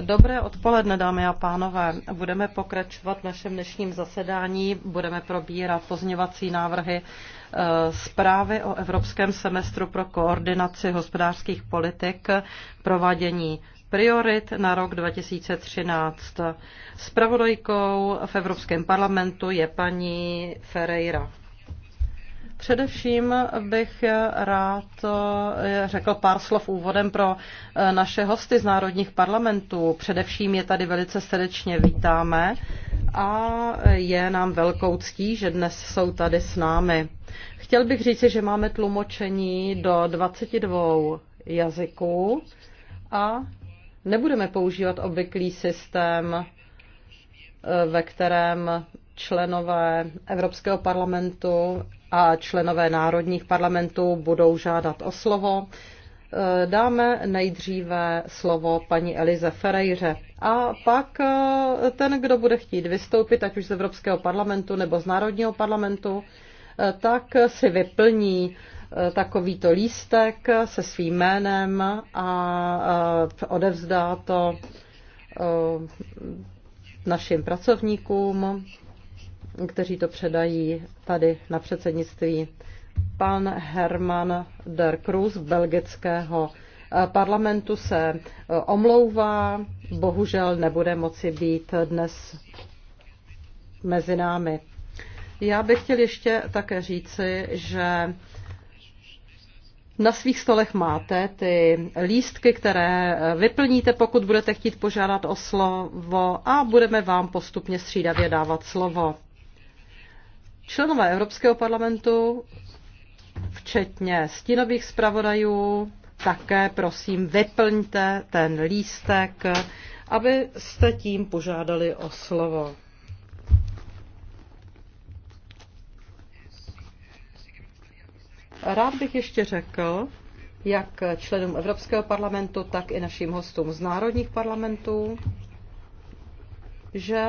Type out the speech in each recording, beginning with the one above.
Dobré odpoledne, dámy a pánové. Budeme pokračovat v našem dnešním zasedání. Budeme probírat pozněvací návrhy eh, zprávy o Evropském semestru pro koordinaci hospodářských politik, provádění priorit na rok 2013. Spravodajkou v Evropském parlamentu je paní Ferreira. Především bych rád eh, řekl pár slov úvodem pro eh, naše hosty z národních parlamentů. Především je tady velice srdečně vítáme a je nám velkou ctí, že dnes jsou tady s námi. Chtěl bych říci, že máme tlumočení do 22 jazyků a nebudeme používat obvyklý systém, eh, ve kterém členové Evropského parlamentu a členové národních parlamentů budou žádat o slovo. E, dáme nejdříve slovo paní Elize Ferejře a pak e, ten, kdo bude chtít vystoupit, ať už z Evropského parlamentu nebo z Národního parlamentu, e, tak si vyplní takovýto lístek se svým jménem a odevzdá to našim pracovníkům kteří to předají tady na předsednictví. Pan Herman der Cruz belgického parlamentu se e, omlouvá, bohužel nebude moci být dnes mezi námi. Já bych chtěl ještě také říci, že na svých stolech máte ty lístky, které e, vyplníte, pokud budete chtít požádat o slovo a budeme vám postupně střídavě dávat slovo. Členové Evropského parlamentu, včetně stínových zpravodajů, také prosím vyplňte ten lístek, abyste tím požádali o slovo. Rád bych ještě řekl, jak členům Evropského parlamentu, tak i našim hostům z národních parlamentů, že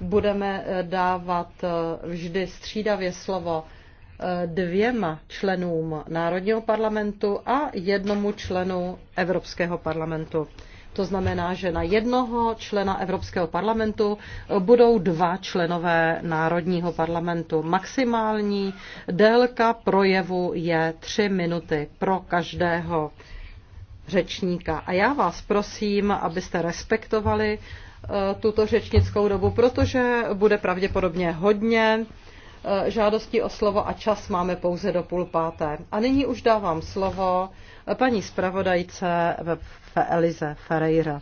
budeme eh, dávat eh, vždy střídavě slovo eh, dvěma členům Národního parlamentu a jednomu členu Evropského parlamentu. To znamená, že na jednoho člena Evropského parlamentu budou dva členové Národního parlamentu. Maximální délka projevu je tři minuty pro každého řečníka. A já vás prosím, abyste respektovali Eh, tuto řečnickou dobu, protože bude pravděpodobně hodně eh, žádostí o slovo a čas máme pouze do půl páté. A nyní už dávám slovo eh, paní zpravodajce Elize Ferreira.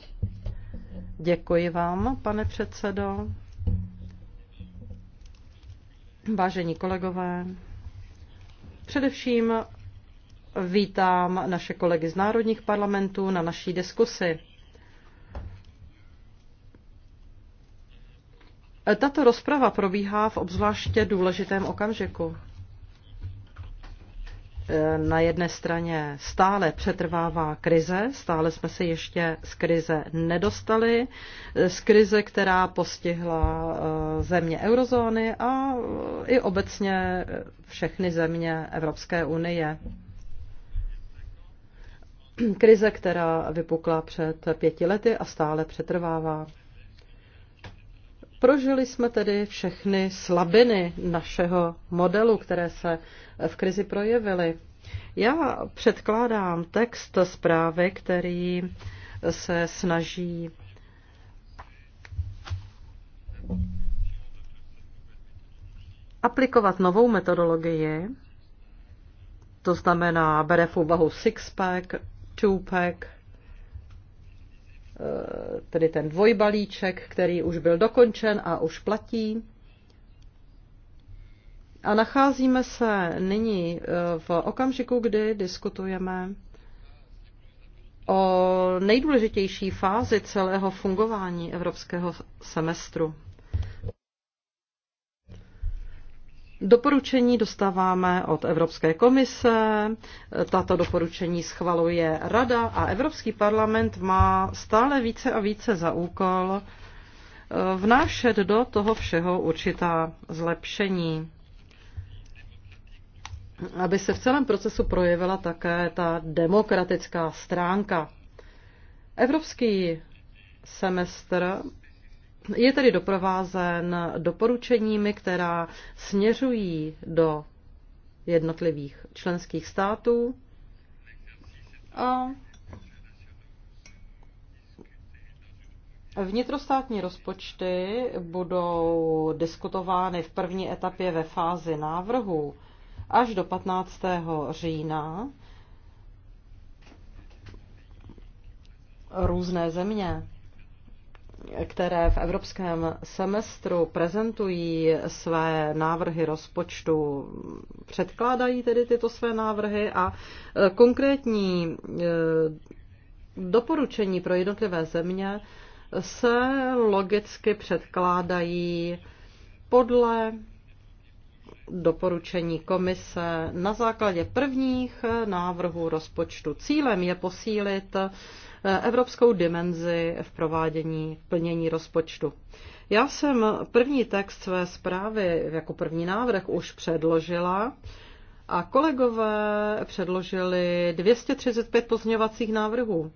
Děkuji vám, pane předsedo. Vážení kolegové, především vítám naše kolegy z národních parlamentů na naší diskusi. Tato rozprava probíhá v obzvláště důležitém okamžiku. E, na jedné straně stále přetrvává krize, stále jsme se ještě z krize nedostali, e, z krize, která postihla e, země eurozóny a i obecně všechny země Evropské unie. Krize, která vypukla před pěti lety a stále přetrvává. Prožili jsme tedy všechny slabiny našeho modelu, které se v krizi projevily. Já předkládám text zprávy, který se snaží aplikovat novou metodologii, to znamená, bere v úvahu six-pack, two-pack, Eh, tedy ten dvojbalíček, který už byl dokončen a už platí. A nacházíme se nyní eh, v okamžiku, kdy diskutujeme o nejdůležitější fázi celého fungování evropského semestru. Doporučení dostáváme od Evropské komise, tato doporučení schvaluje Rada a Evropský parlament má stále více a více za úkol eh, vnášet do toho všeho určitá zlepšení, aby se v celém procesu projevila také ta demokratická stránka. Evropský semestr je tedy doprovázen doporučeními, která směřují do jednotlivých členských států a Vnitrostátní rozpočty budou diskutovány v první etapě ve fázi návrhu až do 15. října. Různé země které v evropském semestru prezentují své návrhy rozpočtu, předkládají tedy tyto své návrhy a e, konkrétní e, doporučení pro jednotlivé země se logicky předkládají podle doporučení komise na základě prvních návrhů rozpočtu. Cílem je posílit eh, evropskou dimenzi v provádění plnění rozpočtu. Já jsem první text své zprávy jako první návrh už předložila a kolegové předložili 235 pozměňovacích návrhů.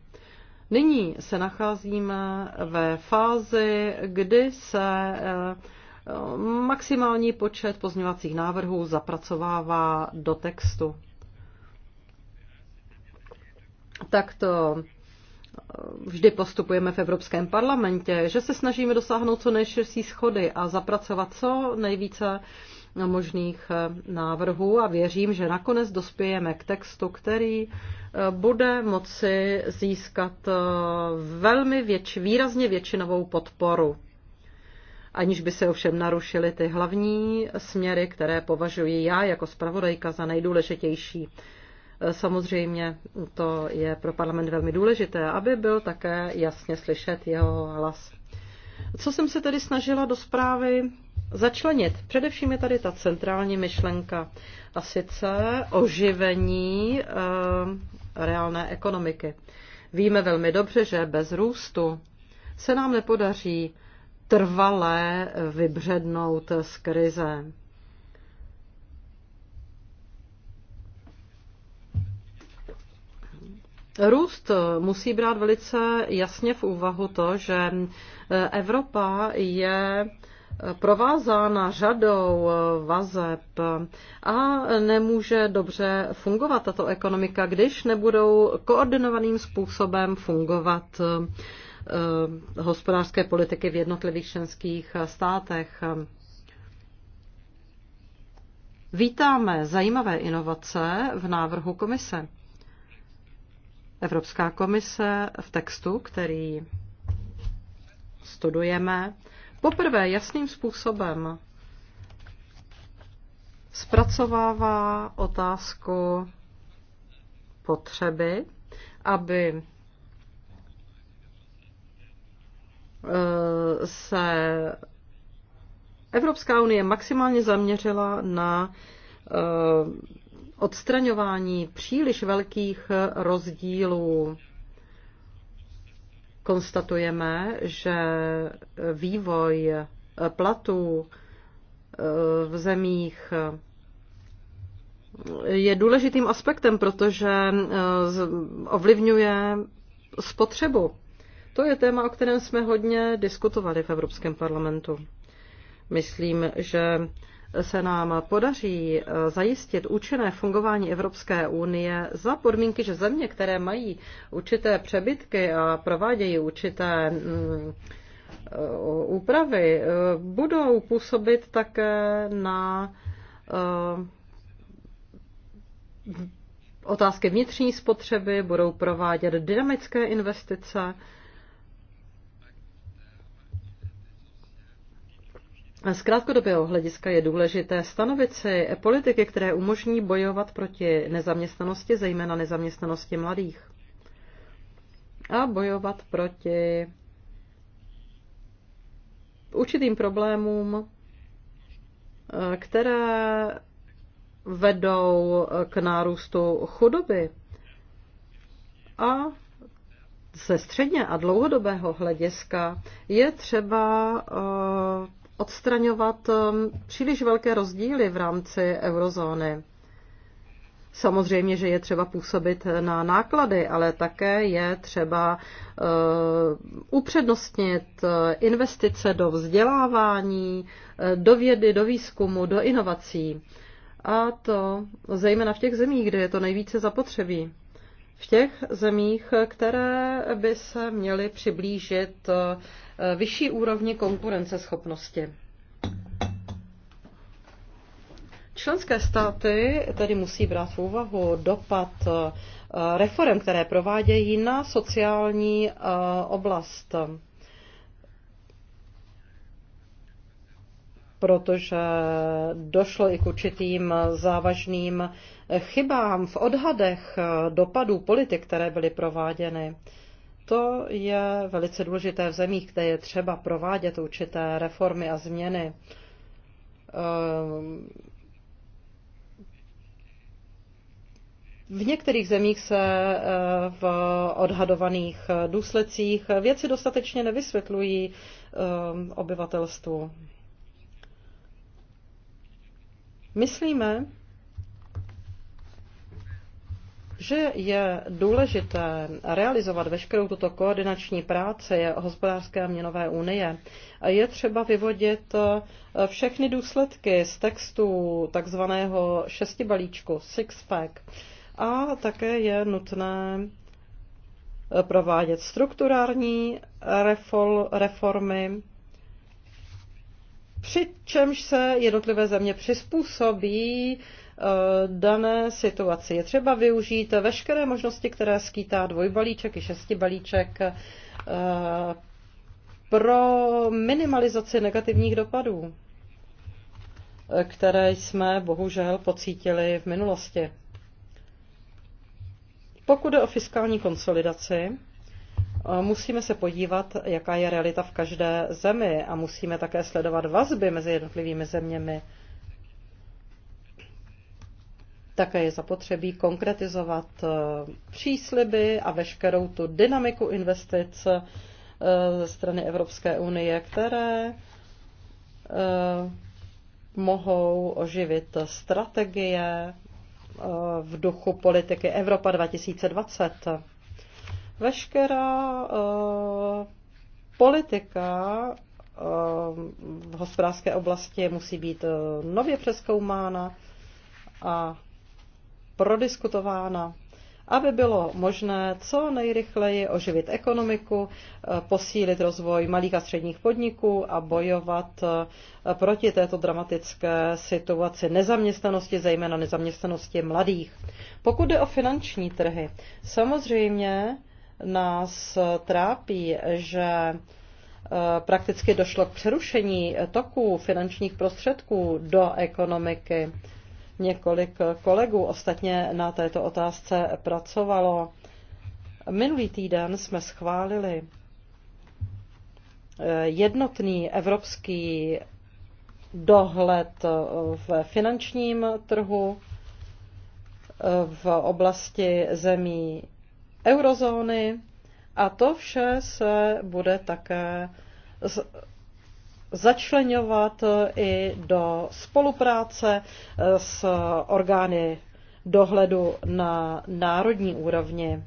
Nyní se nacházíme ve fázi, kdy se eh, Maximální počet pozměňovacích návrhů zapracovává do textu. Takto eh, vždy postupujeme v Evropském parlamentě, že se snažíme dosáhnout co nejširší schody a zapracovat co nejvíce možných eh, návrhů a věřím, že nakonec dospějeme k textu, který eh, bude moci získat velmi větši, výrazně většinovou podporu aniž by se ovšem narušily ty hlavní směry, které považuji já jako zpravodajka za nejdůležitější. E, samozřejmě to je pro parlament velmi důležité, aby byl také jasně slyšet jeho hlas. Co jsem se tedy snažila do zprávy začlenit? Především je tady ta centrální myšlenka a sice oživení e, reálné ekonomiky. Víme velmi dobře, že bez růstu se nám nepodaří trvalé vybřednout z krize. Růst musí brát velice jasně v úvahu to, že Evropa je provázána řadou vazeb a nemůže dobře fungovat tato ekonomika, když nebudou koordinovaným způsobem fungovat Eh, hospodářské politiky v jednotlivých členských státech. Vítáme zajímavé inovace v návrhu komise. Evropská komise v textu, který studujeme, poprvé jasným způsobem zpracovává otázku potřeby, aby Eh, se Evropská unie maximálně zaměřila na eh, odstraňování příliš velkých rozdílů. Konstatujeme, že vývoj platů eh, v zemích je důležitým aspektem, protože ovlivňuje spotřebu to je téma, o kterém jsme hodně diskutovali v Evropském parlamentu. Myslím, že se nám podaří eh, zajistit účinné fungování Evropské unie za podmínky, že země, které mají určité přebytky a provádějí určité mm, eh, úpravy, eh, budou působit také na otázky vnitřní spotřeby, budou provádět dynamické investice Z krátkodobého hlediska je důležité stanovit si politiky, které umožní bojovat proti nezaměstnanosti, zejména nezaměstnanosti mladých. A bojovat proti určitým problémům, které vedou k nárůstu chudoby. A ze středně a dlouhodobého hlediska je třeba eh, odstraňovat um, příliš velké rozdíly v rámci eurozóny. Samozřejmě, že je třeba působit na náklady, ale také je třeba uh, upřednostnit uh, investice do vzdělávání, uh, do vědy, do výzkumu, do inovací. A to zejména v těch zemích, kde je to nejvíce zapotřebí v těch zemích, které by se měly přiblížit eh, vyšší úrovni konkurenceschopnosti. Členské státy tedy musí brát v úvahu dopad eh, reform, které provádějí na sociální eh, oblast. protože došlo i k určitým závažným chybám v odhadech dopadů politik, které byly prováděny. To je velice důležité v zemích, kde je třeba provádět určité reformy a změny. Ehm, v některých zemích se ehm, v odhadovaných důsledcích věci dostatečně nevysvětlují ehm, obyvatelstvu. Myslíme, že je důležité realizovat veškerou tuto koordinační práci hospodářské a měnové unie, je třeba vyvodit eh, všechny důsledky z textu takzvaného šesti balíčku six-pack, a také je nutné eh, provádět strukturální reformy, přičemž se jednotlivé země přizpůsobí eh, dané situaci. Je třeba využít veškeré možnosti, které skýtá dvojbalíček i šestibalíček eh, pro minimalizaci negativních dopadů, eh, které jsme bohužel pocítili v minulosti. Pokud jde o fiskální konsolidaci, Musíme se podívat, jaká je realita v každé zemi a musíme také sledovat vazby mezi jednotlivými zeměmi. Také je zapotřebí konkretizovat eh, přísliby a veškerou tu dynamiku investic eh, ze strany Evropské unie, které eh, mohou oživit strategie v duchu politiky Evropa 2020. Veškerá eh, politika eh, v hospodářské oblasti musí být eh, nově přeskoumána a prodiskutována, aby bylo možné co nejrychleji oživit ekonomiku, posílit rozvoj malých a středních podniků a bojovat proti této dramatické situaci nezaměstnanosti, zejména nezaměstnanosti mladých. Pokud jde o finanční trhy, samozřejmě nás trápí, že eh, prakticky došlo k přerušení toku finančních prostředků do ekonomiky. Několik kolegů ostatně na této otázce pracovalo. Minulý týden jsme schválili eh, jednotný evropský dohled eh, v finančním trhu v oblasti zemí eurozóny a to vše se bude také začlenovat i do spolupráce eh, s orgány dohledu na národní úrovni.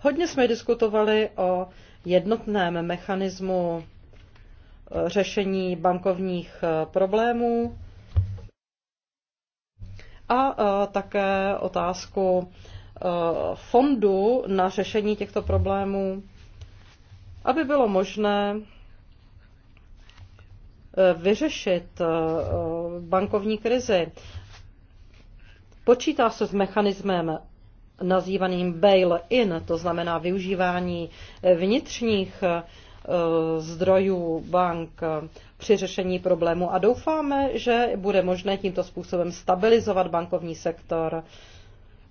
Hodně jsme diskutovali o jednotném mechanismu eh, řešení bankovních eh, problémů a e, také otázku e, fondu na řešení těchto problémů, aby bylo možné e, vyřešit bankovní krizi. Počítá se s mechanismem nazývaným bail-in, to znamená využívání vnitřních zdrojů bank při řešení problému a doufáme, že bude možné tímto způsobem stabilizovat bankovní sektor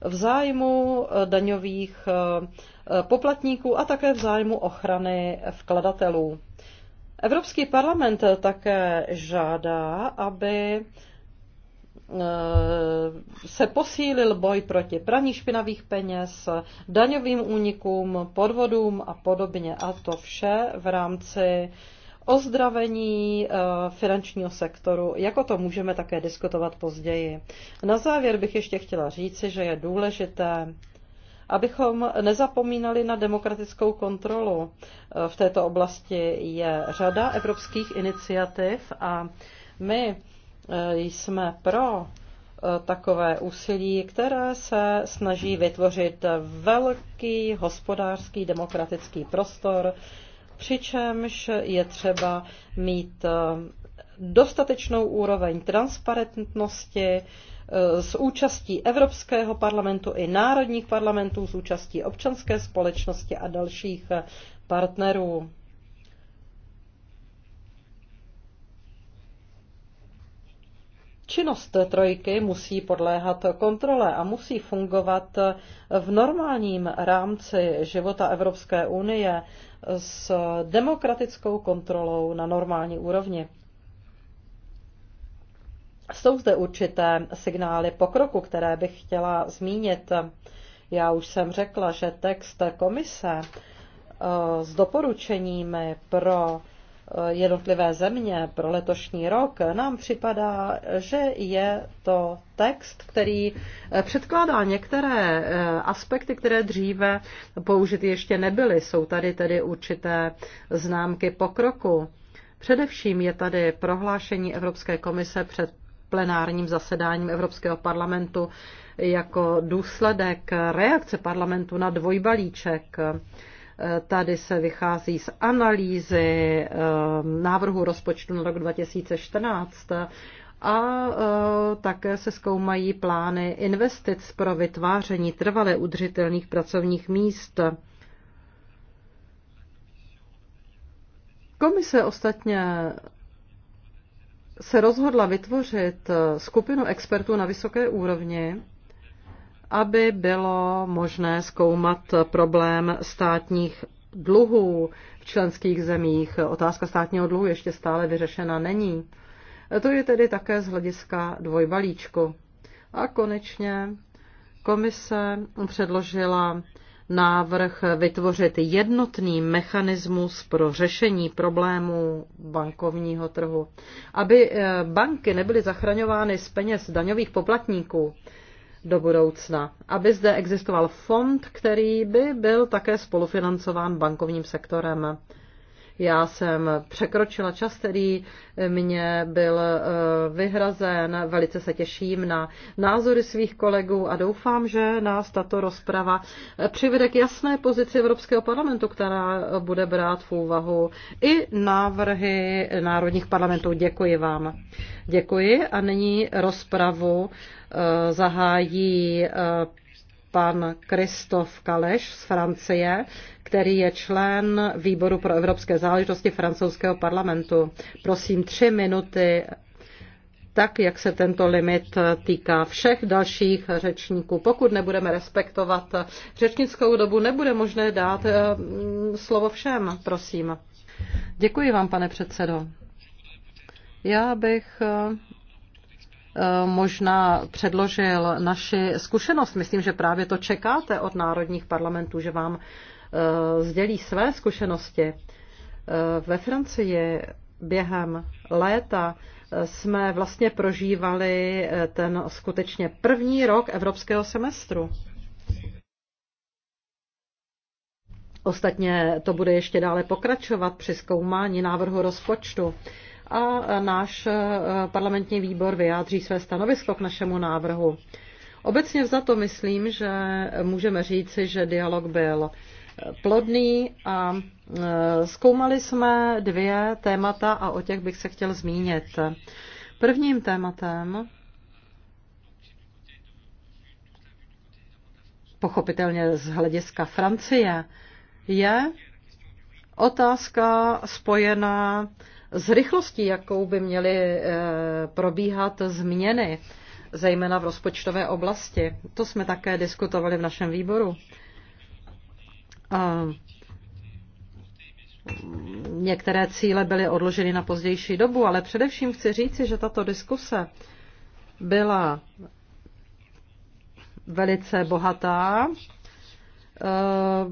v zájmu eh, daňových eh, eh, poplatníků a také v zájmu ochrany vkladatelů. Evropský parlament také žádá, aby se posílil boj proti praní špinavých peněz, daňovým únikům, podvodům a podobně. A to vše v rámci ozdravení eh, finančního sektoru, jako to můžeme také diskutovat později. Na závěr bych ještě chtěla říci, že je důležité, abychom nezapomínali na demokratickou kontrolu. Eh, v této oblasti je řada evropských iniciativ a my eh, jsme pro takové úsilí, které se snaží vytvořit velký hospodářský demokratický prostor, přičemž je třeba mít eh, dostatečnou úroveň transparentnosti eh, s účastí Evropského parlamentu i národních parlamentů, s účastí občanské společnosti a dalších eh, partnerů. Činnost trojky musí podléhat kontrole a musí fungovat v normálním rámci života Evropské unie s demokratickou kontrolou na normální úrovni. Jsou zde určité signály pokroku, které bych chtěla zmínit. Já už jsem řekla, že text komise eh, s doporučeními pro Eh, jednotlivé země pro letošní rok, nám připadá, že je to text, který eh, předkládá některé eh, aspekty, které dříve použity ještě nebyly. Jsou tady tedy určité známky pokroku. Především je tady prohlášení Evropské komise před plenárním zasedáním Evropského parlamentu jako důsledek reakce parlamentu na dvojbalíček. Tady se vychází z analýzy eh, návrhu rozpočtu na rok 2014 a eh, také se zkoumají plány investic pro vytváření trvale udržitelných pracovních míst. Komise ostatně se rozhodla vytvořit skupinu expertů na vysoké úrovni, aby bylo možné zkoumat problém státních dluhů v členských zemích. Otázka státního dluhu ještě stále vyřešena není. To je tedy také z hlediska dvojbalíčku. A konečně komise předložila návrh vytvořit jednotný mechanismus pro řešení problémů bankovního trhu. Aby eh, banky nebyly zachraňovány z peněz daňových poplatníků, do budoucna, aby zde existoval fond, který by byl také spolufinancován bankovním sektorem. Já jsem překročila čas, který mě byl e, vyhrazen. Velice se těším na názory svých kolegů a doufám, že nás tato rozprava e, přivede k jasné pozici Evropského parlamentu, která bude brát v úvahu i návrhy národních parlamentů. Děkuji vám. Děkuji a nyní rozpravu e, zahájí pan Kristof Kaleš z Francie, který je člen výboru pro evropské záležitosti francouzského parlamentu. Prosím, tři minuty tak, jak se tento limit týká všech dalších řečníků. Pokud nebudeme respektovat řečnickou dobu, nebude možné dát eh, slovo všem, prosím. Děkuji vám, pane předsedo. Já bych eh, Eh, možná předložil naši zkušenost. Myslím, že právě to čekáte od národních parlamentů, že vám eh, sdělí své zkušenosti. Eh, ve Francii během léta jsme vlastně prožívali ten skutečně první rok evropského semestru. Ostatně to bude ještě dále pokračovat při zkoumání návrhu rozpočtu a náš eh, parlamentní výbor vyjádří své stanovisko k našemu návrhu. Obecně to myslím, že můžeme říci, že dialog byl eh, plodný a eh, zkoumali jsme dvě témata a o těch bych se chtěl zmínit. Prvním tématem pochopitelně z hlediska Francie, je otázka spojená s rychlostí, jakou by měly eh, probíhat změny, zejména v rozpočtové oblasti. To jsme také diskutovali v našem výboru. některé cíle byly odloženy na pozdější dobu, ale především chci říci, že tato diskuse byla velice bohatá Eh,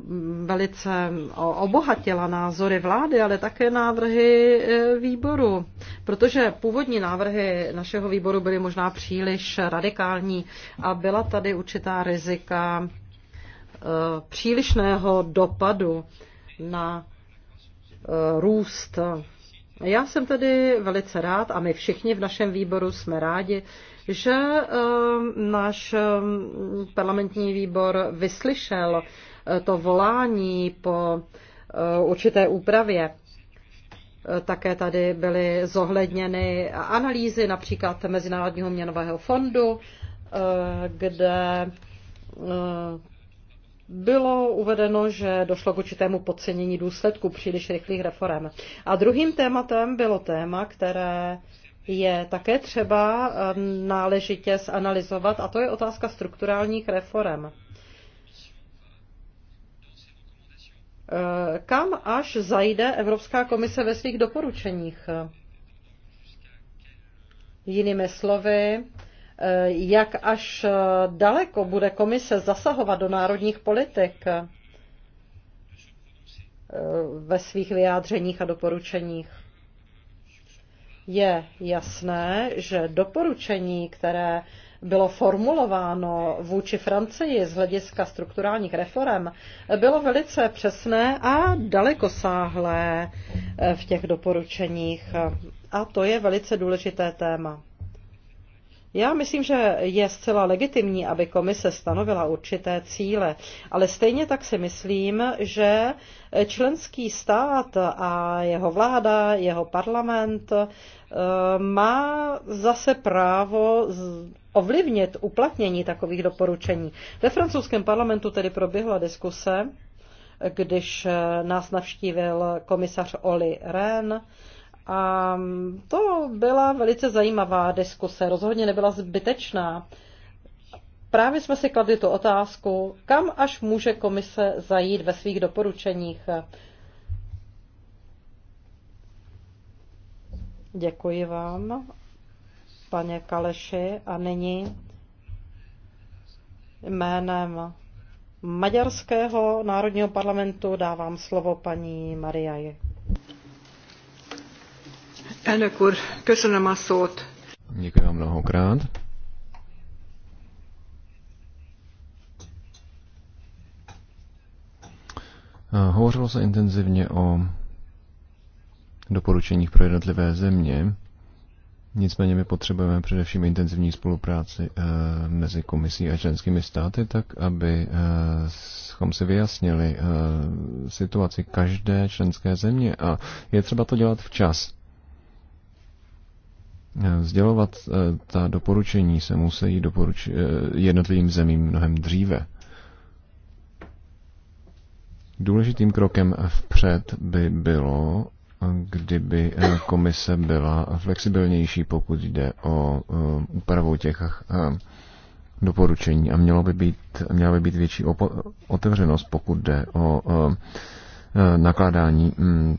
velice obohatila názory vlády, ale také návrhy eh, výboru. Protože původní návrhy našeho výboru byly možná příliš radikální a byla tady určitá rizika eh, přílišného dopadu na růst já jsem tedy velice rád a my všichni v našem výboru jsme rádi, že ehm, náš ehm, parlamentní výbor vyslyšel eh, to volání po eh, určité úpravě. Eh, také tady byly zohledněny analýzy například Mezinárodního měnového fondu, kde bylo uvedeno, že došlo k určitému podcenění důsledku příliš rychlých reform. A druhým tématem bylo téma, které je také třeba um, náležitě zanalizovat, a to je otázka strukturálních reform. Eh, kam až zajde Evropská komise ve svých doporučeních? Jinými slovy, Eh, jak až eh, daleko bude komise zasahovat do národních politik eh, ve svých vyjádřeních a doporučeních. Je jasné, že doporučení, které bylo formulováno vůči Francii z hlediska strukturálních reform, bylo velice přesné a dalekosáhlé v těch doporučeních. A to je velice důležité téma. Já myslím, že je zcela legitimní, aby komise stanovila určité cíle, ale stejně tak si myslím, že členský stát a jeho vláda, jeho parlament eh, má zase právo ovlivnit uplatnění takových doporučení. Ve francouzském parlamentu tedy proběhla diskuse, když nás navštívil komisař Oli Rehn, a to byla velice zajímavá diskuse, rozhodně nebyla zbytečná. Právě jsme si kladli tu otázku, kam až může komise zajít ve svých doporučeních. Děkuji vám, pane Kaleši, a nyní jménem Maďarského národního parlamentu dávám slovo paní Marii Elnök úr, köszönöm a szót. Děkuji vám mnohokrát. Hovořilo se intenzivně o doporučeních pro jednotlivé země. Nicméně my potřebujeme především intenzivní spolupráci eh, mezi komisí a členskými státy, tak aby eh, abychom si vyjasnili eh, situaci každé členské země a je třeba to dělat včas. Sdělovat eh, ta doporučení se musí eh, jednotlivým zemím mnohem dříve. Důležitým krokem vpřed by bylo, kdyby eh, komise byla flexibilnější, pokud jde o úpravu těch doporučení a mělo by být, měla by být větší otevřenost, pokud jde o nakládání mm,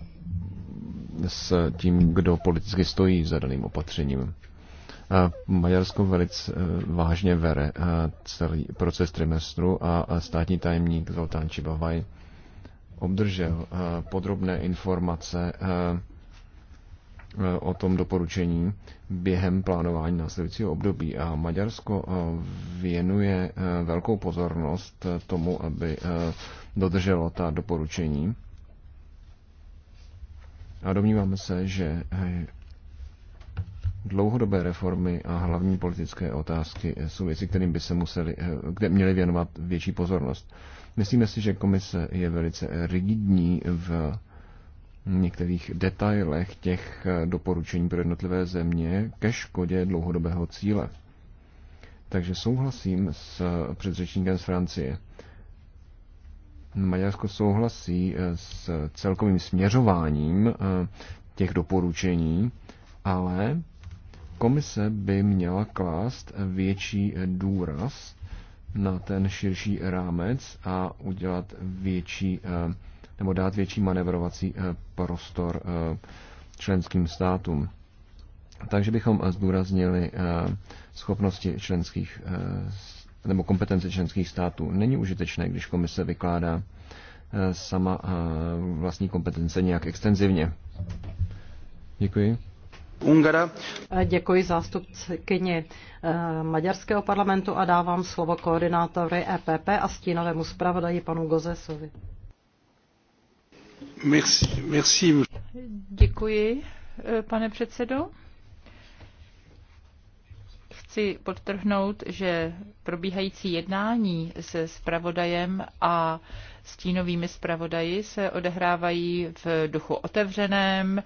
s tím, kdo politicky stojí za daným opatřením. Maďarsko velice e, vážně vere e, celý proces trimestru a státní tajemník Zoltán Čibavaj obdržel e, podrobné informace o tom doporučení během plánování následujícího období. A Maďarsko věnuje velkou pozornost tomu, aby dodrželo ta doporučení a domníváme se, že eh, dlouhodobé reformy a hlavní politické otázky eh, jsou věci, kterým by se museli, eh, kde měli věnovat větší pozornost. Myslíme si, že komise je velice rigidní v některých detailech těch doporučení pro jednotlivé země ke škodě dlouhodobého cíle. Takže souhlasím s předřečníkem z Francie. Maďarsko souhlasí eh, s celkovým směřováním eh, těch doporučení, ale komise by měla klást větší eh, důraz na ten širší rámec a udělat větší nebo dát větší manevrovací prostor členským státům. Takže bychom zdůraznili schopnosti členských nebo kompetence členských států. Není užitečné, když komise vykládá eh, sama eh, vlastní kompetence nějak extenzivně. Děkuji. Ungara. Eh, děkuji zástupkyni Maďarského parlamentu a dávám slovo koordinátory EPP a stínovému zpravodaji panu Gozesovi. Merci, merci. Děkuji, pane předsedo. Chci podtrhnout, že probíhající jednání se spravodajem a stínovými zpravodaji se odehrávají v duchu otevřeném,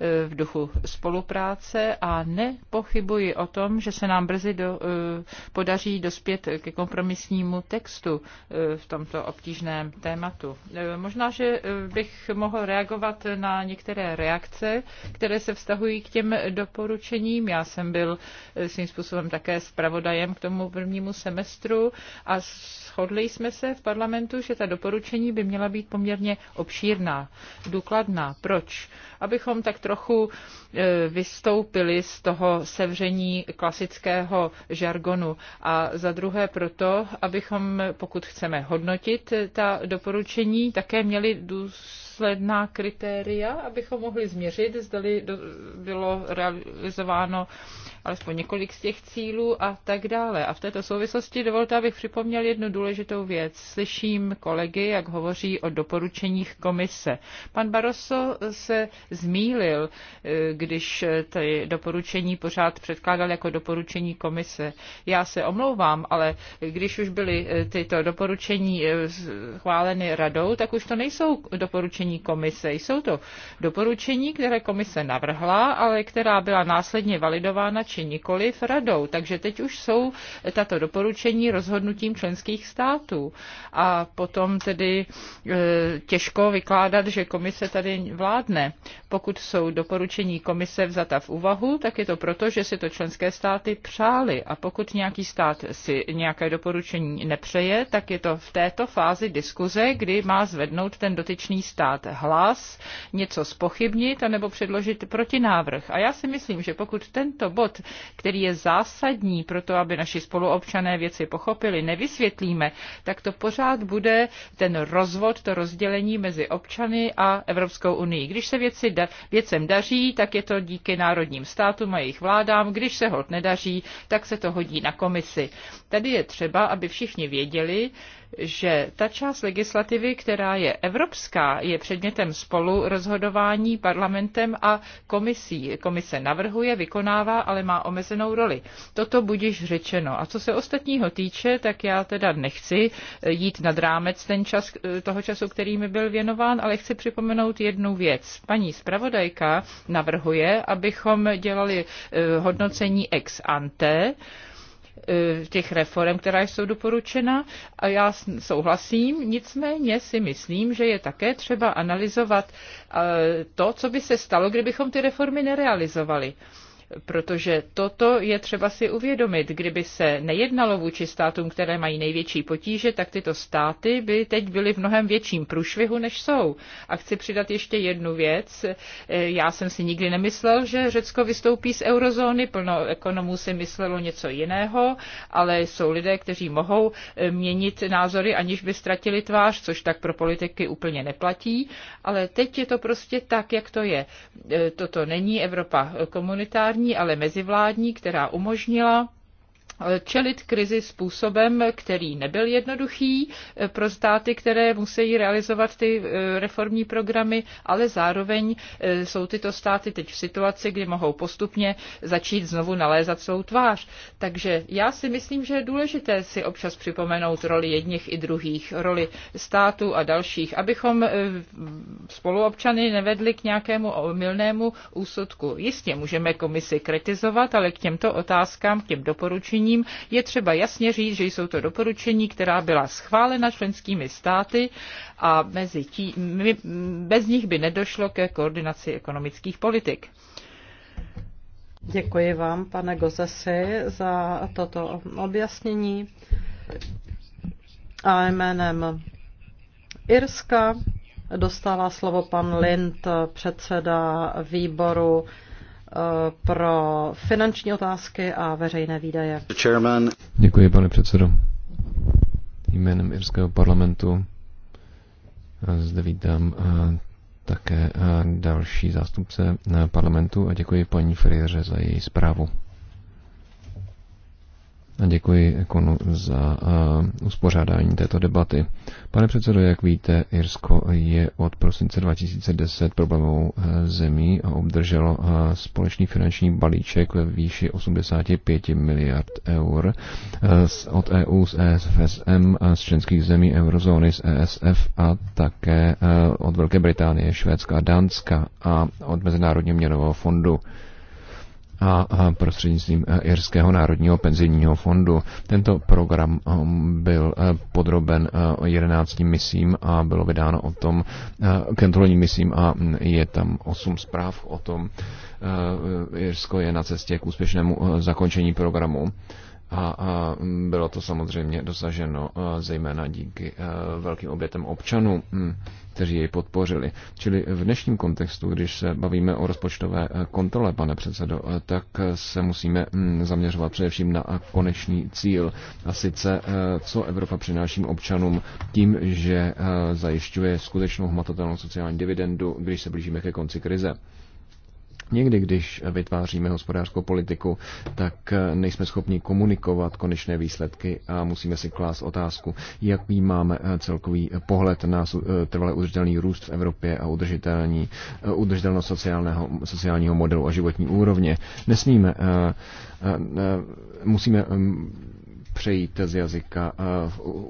eh, v duchu spolupráce a nepochybuji o tom, že se nám brzy do, eh, podaří dospět ke kompromisnímu textu eh, v tomto obtížném tématu. Možná, že bych mohl reagovat na některé reakce, které se vztahují k těm doporučením. Já jsem byl svým způsobem také zpravodajem k tomu prvnímu semestru a shodli jsme se v parlamentu, že ta doporučení doporučení by měla být poměrně obšírná, důkladná. Proč? Abychom tak trochu e, vystoupili z toho sevření klasického žargonu a za druhé proto, abychom, pokud chceme hodnotit ta doporučení, také měli důs důsledná kritéria, abychom mohli změřit, zda bylo realizováno alespoň několik z těch cílů a tak dále. A v této souvislosti dovolte, abych připomněl jednu důležitou věc. Slyším kolegy, jak hovoří o doporučeních komise. Pan Barroso se zmílil, eh, když ty doporučení pořád předkládal jako doporučení komise. Já se omlouvám, ale když už byly eh, tyto doporučení eh, chváleny radou, tak už to nejsou doporučení doporučení komise. Jsou to doporučení, které komise navrhla, ale která byla následně validována či nikoliv radou. Takže teď už jsou tato doporučení rozhodnutím členských států. A potom tedy e, těžko vykládat, že komise tady vládne. Pokud jsou doporučení komise vzata v úvahu, tak je to proto, že si to členské státy přáli. A pokud nějaký stát si nějaké doporučení nepřeje, tak je to v této fázi diskuze, kdy má zvednout ten dotyčný stát dát hlas, něco spochybnit anebo předložit protinávrh. A já si myslím, že pokud tento bod, který je zásadní pro to, aby naši spoluobčané věci pochopili, nevysvětlíme, tak to pořád bude ten rozvod, to rozdělení mezi občany a Evropskou unii. Když se věci da, věcem daří, tak je to díky národním státům a jejich vládám. Když se hod nedaří, tak se to hodí na komisi. Tady je třeba, aby všichni věděli, že ta část legislativy, která je evropská, je předmětem spolu rozhodování parlamentem a komisí. Komise navrhuje, vykonává, ale má omezenou roli. Toto budiš řečeno. A co se ostatního týče, tak já teda nechci jít nad rámec ten čas, toho času, který mi byl věnován, ale chci připomenout jednu věc. Paní zpravodajka navrhuje, abychom dělali eh, hodnocení ex ante, E, těch reform, která jsou doporučena a já souhlasím, nicméně si myslím, že je také třeba analyzovat e, to, co by se stalo, kdybychom ty reformy nerealizovali protože toto je třeba si uvědomit. Kdyby se nejednalo vůči státům, které mají největší potíže, tak tyto státy by teď byly v mnohem větším průšvihu, než jsou. A chci přidat ještě jednu věc. Já jsem si nikdy nemyslel, že Řecko vystoupí z eurozóny, plno ekonomů si myslelo něco jiného, ale jsou lidé, kteří mohou měnit názory, aniž by ztratili tvář, což tak pro politiky úplně neplatí. Ale teď je to prostě tak, jak to je. Toto není Evropa komunitární, právní, ale mezivládní, která umožnila čelit krizi způsobem, který nebyl jednoduchý eh, pro státy, které musí realizovat ty eh, reformní programy, ale zároveň eh, jsou tyto státy teď v situaci, kdy mohou postupně začít znovu nalézat svou tvář. Takže já si myslím, že je důležité si občas připomenout roli jedních i druhých, roli státu a dalších, abychom spoluobčany nevedli k nějakému milnému úsudku. Jistě můžeme komisi kritizovat, ale k těmto otázkám, k těm doporučení doporučením, je třeba jasně říct, že jsou to doporučení, která byla schválena členskými státy a mezi tí, bez nich by nedošlo ke koordinaci ekonomických politik. Děkuji vám, pane Gozese, za toto objasnění. A jménem Irska dostává slovo pan Lind, předseda výboru Eh, pro finanční otázky a veřejné výdaje. Děkuji, pane předsedo. Jménem Irského parlamentu eh, zde vítám eh, také další zástupce parlamentu a děkuji paní Ferieře za její zprávu. A děkuji Konu za eh, uspořádání této debaty. Pane předsedo, jak víte, Irsko je od prosince 2010 problémovou eh, zemí a obdrželo eh, společný finanční balíček ve výši 85 miliard eur od EU, z ESFSM, z členských zemí eurozóny, z ESF a také od Velké Británie, Švédska a Dánska a od Mezinárodního měnového fondu a prostřednictvím eh, Irského národního penzijního fondu. Tento program um, byl eh, podroben 11 eh, misím a bylo vydáno o tom kontrolní misím a mm, je tam 8 zpráv o tom. Irsko je na cestě k úspěšnému zakončení programu. A, bylo to samozřejmě dosaženo zejména díky velkým obětem občanů, hm, kteří jej podpořili. Čili v dnešním kontextu, když se bavíme o rozpočtové kontrole, pane předsedo, tak se musíme hm, zaměřovat především na konečný cíl. A sice, co Evropa přináší občanům tím, že zajišťuje skutečnou hmatatelnou sociální dividendu, když se blížíme ke konci krize. Někdy, když vytváříme hospodářskou politiku, tak eh, nejsme schopni komunikovat konečné výsledky a musíme si klást otázku, jaký máme eh, celkový eh, pohled na trvalý udržitelný růst v Evropě a udržitelný, udržitelnost sociálního, sociálního modelu a životní úrovně. Nesmíme, musíme mm, přejít z jazyka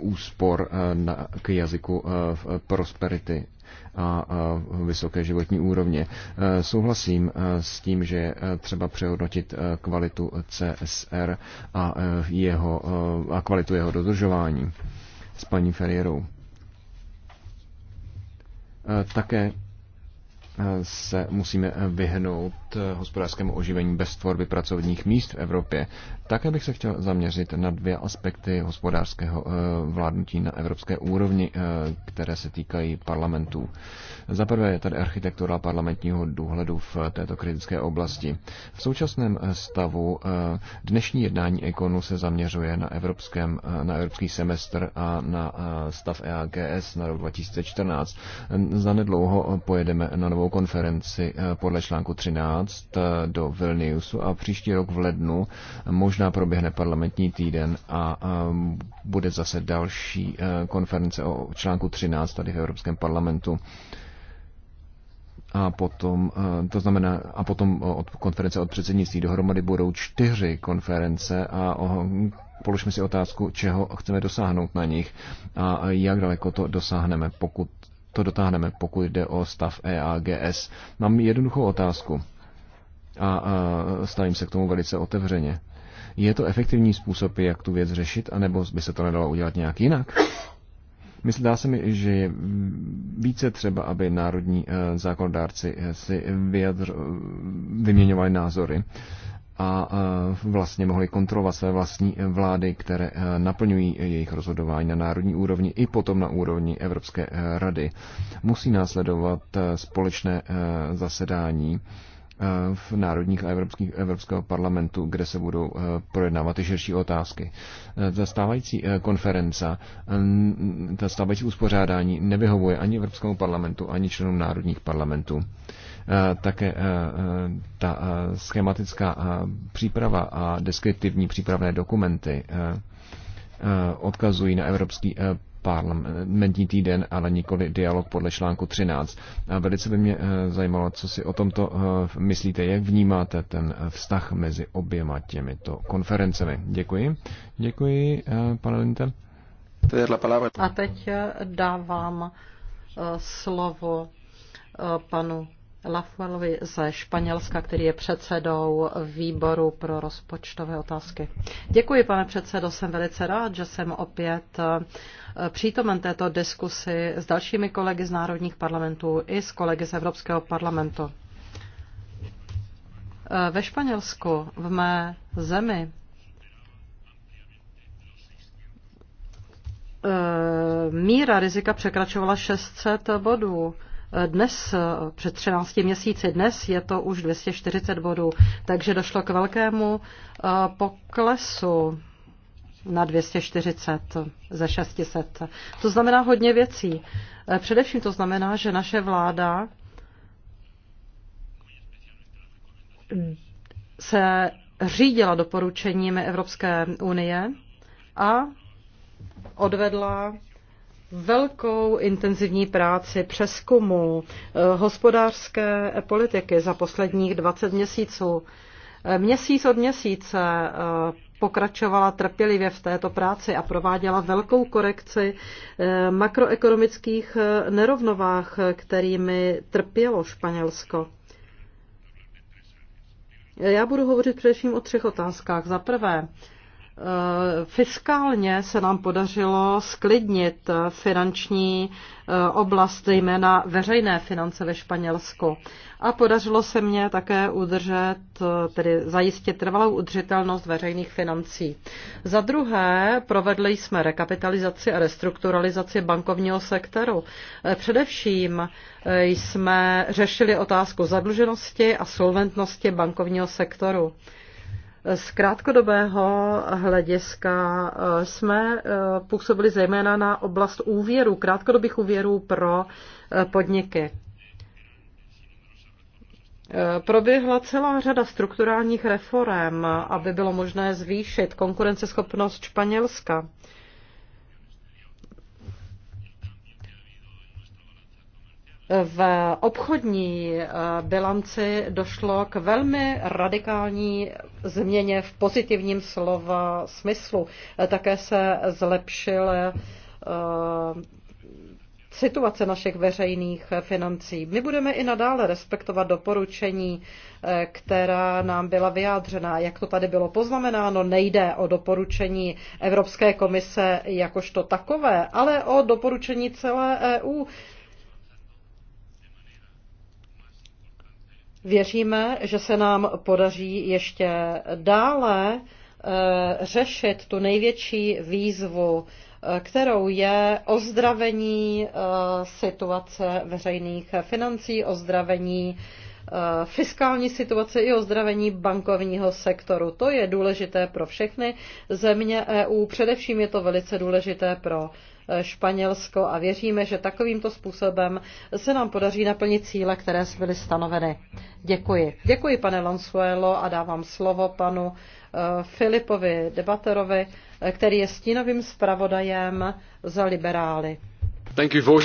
úspor na, k jazyku prosperity a vysoké životní úrovně. E, souhlasím e, s tím, že e, třeba přehodnotit kvalitu CSR a, jeho, a kvalitu jeho dodržování s paní Ferrierou. Také se musíme vyhnout Eh, hospodářskému oživení bez tvorby pracovních míst v Evropě. Také bych se chtěl zaměřit na dvě aspekty hospodářského eh, vládnutí na evropské úrovni, eh, které se týkají parlamentů. Za prvé je tady architektura parlamentního důhledu v této kritické oblasti. V současném stavu dnešní jednání ekonu se zaměřuje na, evropském, na evropský semestr a na stav EAGS na rok 2014. Zanedlouho pojedeme na novou konferenci podle článku 13 2015 eh, do Vilniusu a příští rok v lednu možná proběhne parlamentní týden a eh, bude zase další eh, konference o článku 13 tady v Evropském parlamentu a potom, to znamená, a potom od konference od předsednictví dohromady budou čtyři konference a o, položme si otázku, čeho chceme dosáhnout na nich a jak daleko to dosáhneme, pokud to dotáhneme, pokud jde o stav EAGS. Mám jednoduchou otázku a stavím se k tomu velice otevřeně. Je to efektivní způsob, jak tu věc řešit, anebo by se to nedalo udělat nějak jinak? Myslím, dá se mi, že je více třeba, aby národní eh, zákonodárci eh, si vyjadř, eh, vyměňovali názory a vlastně mohli kontrolovat své vlastní vlády, které naplňují jejich rozhodování na národní úrovni i potom na úrovni Evropské rady. Musí následovat společné zasedání Eh, v národních a evropských, Evropského parlamentu, kde se budou eh, projednávat ty širší otázky. Eh, ta stávající konference, ta stávající uspořádání nevyhovuje ani Evropskému parlamentu, ani členům národních parlamentů také ta schematická příprava a deskriptivní přípravné dokumenty odkazují na Evropský parlamentní týden, ale nikoli dialog podle článku 13. A velice by mě eh, zajímalo, co si o tomto eh, myslíte, jak vnímáte ten eh, vztah mezi oběma těmito konferencemi. Děkuji. Děkuji, pane Linte. A teď dávám slovo panu Lafuelovi ze Španělska, který je předsedou výboru pro rozpočtové otázky. Děkuji, pane předsedo, jsem velice rád, že jsem opět eh, přítomen této diskusi s dalšími kolegy z národních parlamentů i s kolegy z Evropského parlamentu. Eh, ve Španělsku, v mé zemi, eh, míra rizika překračovala 600 bodů dnes, před 13 měsíci, dnes je to už 240 bodů, takže došlo k velkému eh, poklesu na 240 ze 600. To znamená hodně věcí. Eh, především to znamená, že naše vláda se řídila doporučeními Evropské unie a odvedla velkou intenzivní práci přeskumu eh, hospodářské politiky za posledních 20 měsíců. Eh, měsíc od měsíce eh, pokračovala trpělivě v této práci a prováděla velkou korekci makroekonomických nerovnovách, kterými trpělo Španělsko. Já budu hovořit především o třech otázkách. Za prvé, Eh, fiskálně se nám podařilo sklidnit finanční eh, oblast, zejména veřejné finance ve Španělsku. A podařilo se mně také udržet, eh, tedy zajistit trvalou udržitelnost veřejných financí. Za druhé, provedli jsme rekapitalizaci a restrukturalizaci bankovního sektoru. Především jsme řešili otázku zadluženosti a solventnosti bankovního sektoru. Z krátkodobého hlediska eh, jsme eh, působili zejména na oblast úvěru, krátkodobých úvěrů pro eh, podniky. Proběhla celá řada strukturálních reform, aby bylo možné zvýšit konkurenceschopnost Španělska. V obchodní eh, bilanci došlo k velmi radikální změně v pozitivním slova smyslu. Eh, také se zlepšil eh, situace našich veřejných financí. My budeme i nadále respektovat doporučení, která nám byla vyjádřena. Jak to tady bylo poznamenáno, nejde o doporučení Evropské komise jakožto takové, ale o doporučení celé EU Věříme, že se nám podaří ještě dále eh, řešit tu největší výzvu, eh, kterou je ozdravení eh, situace veřejných financí, ozdravení fiskální situace i ozdravení bankovního sektoru. To je důležité pro všechny země EU, především je to velice důležité pro Španělsko a věříme, že takovýmto způsobem se nám podaří naplnit cíle, které byly stanoveny. Děkuji. Děkuji, pane Lansuelo, a dávám slovo panu eh, Filipovi Debaterovi, eh, který je stínovým zpravodajem za liberály. Thank you,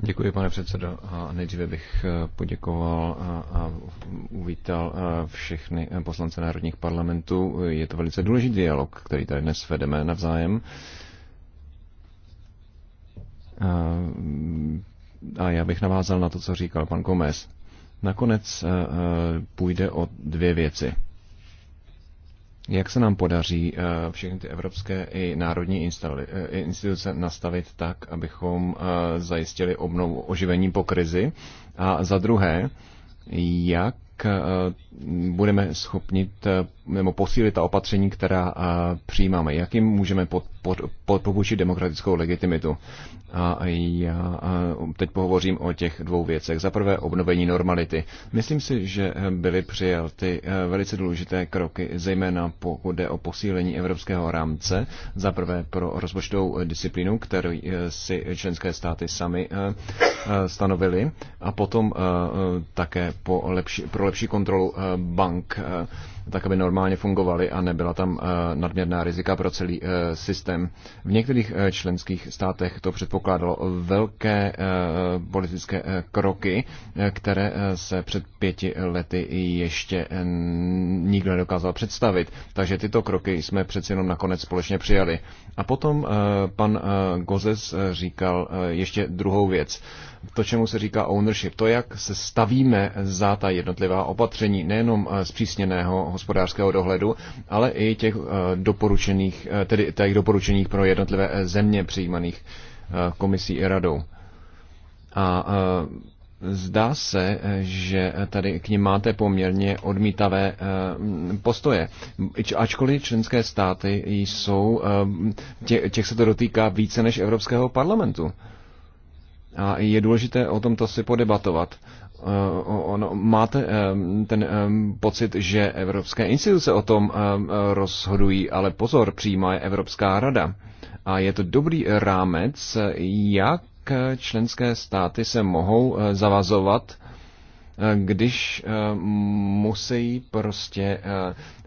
Děkuji, pane předsedo. A nejdříve bych eh, poděkoval a, a uvítal všechny poslance národních parlamentů. Je to velice důležitý dialog, který tady dnes vedeme navzájem. A já bych navázal na to, co říkal pan Gomez. Nakonec eh, eh, půjde o dvě věci. Jak se nám podaří eh, všechny ty evropské i národní instituce nastavit tak, abychom zajistili obnovu oživení po krizi? A za druhé, jak budeme schopni nebo posílit ta opatření, která přijímáme, jak jim můžeme podpůjčit demokratickou legitimitu. A já teď pohovořím o těch dvou věcech. Za prvé obnovení normality. Myslím si, že byly přijaty eh, velice důležité kroky, zejména pokud jde o posílení evropského rámce. Za prvé pro rozpočtovou disciplínu, kterou eh, si členské státy sami eh, stanovili. A potom také po pro lepší kontrolu bank tak aby normálně fungovaly a nebyla tam eh, nadměrná rizika pro celý eh, systém. V některých eh, členských státech to předpokládalo velké politické kroky, které se před pěti lety ještě nikdo nedokázal představit. Takže tyto kroky jsme přeci jenom nakonec společně přijali. A potom pan Gozes říkal ještě druhou věc to, čemu se říká ownership, to, jak se stavíme za ta jednotlivá opatření, nejenom eh, zpřísněného hospodářského dohledu, ale i těch eh, doporučených, eh, tedy těch doporučených pro jednotlivé země přijímaných komisí i radou. A Zdá se, že tady k ním máte poměrně odmítavé postoje. Ačkoliv členské státy jsou, těch se to dotýká více než Evropského parlamentu. A je důležité o tomto si podebatovat. Eh, ono, máte eh, ten eh, pocit, že evropské instituce o tom rozhodují, ale pozor, přijímá je Evropská rada. A je to dobrý rámec, jak členské státy se mohou zavazovat, když musí prostě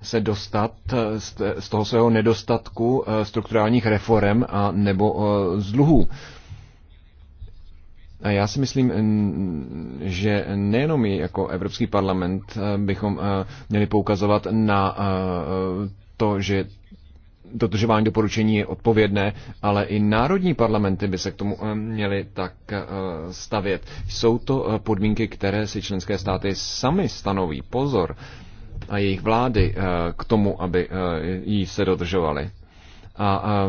se dostat z toho svého nedostatku strukturálních reform a nebo z dluhů. A já si myslím, že nejenom my jako Evropský parlament eh, bychom eh, měli poukazovat na eh, to, že dodržování doporučení je odpovědné, ale i národní parlamenty by se k tomu měly tak stavět. Jsou to podmínky, které si členské státy sami stanoví. Pozor a jejich vlády k tomu, aby jí se dodržovaly. A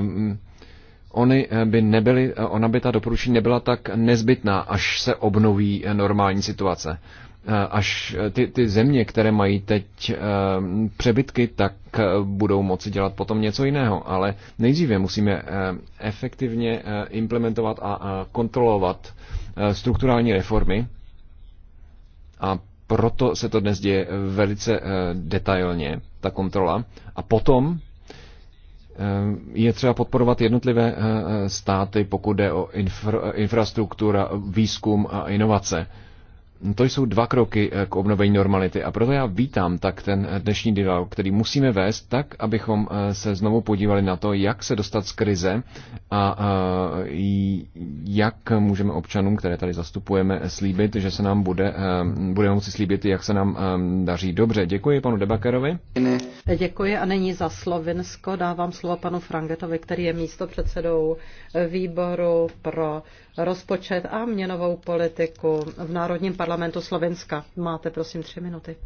Ony eh, by nebyly, eh, ona by ta doporučení nebyla tak nezbytná, až se obnoví eh, normální situace. Až ty, ty země, které mají teď přebytky, tak budou moci dělat potom něco jiného. Ale nejdříve musíme efektivně implementovat a kontrolovat strukturální reformy. A proto se to dnes děje velice detailně, ta kontrola. A potom je třeba podporovat jednotlivé eh, eh, státy, pokud jde o infra, infrastruktura, výzkum a inovace. To jsou dva kroky eh, k obnovení normality a proto já vítám tak ten eh, dnešní dialog, který musíme vést tak, abychom eh, se znovu podívali na to, jak se dostat z krize a jak můžeme občanům, které tady zastupujeme, slíbit, že se nám bude, budeme moci slíbit, jak se nám daří dobře. Děkuji panu Debakerovi. Děkuji a není za Slovinsko. Dávám slovo panu Frangetovi, který je místo předsedou výboru pro rozpočet a měnovou politiku v Národním parlamentu parlamentu Slovenska. Máte prosím tři minuty.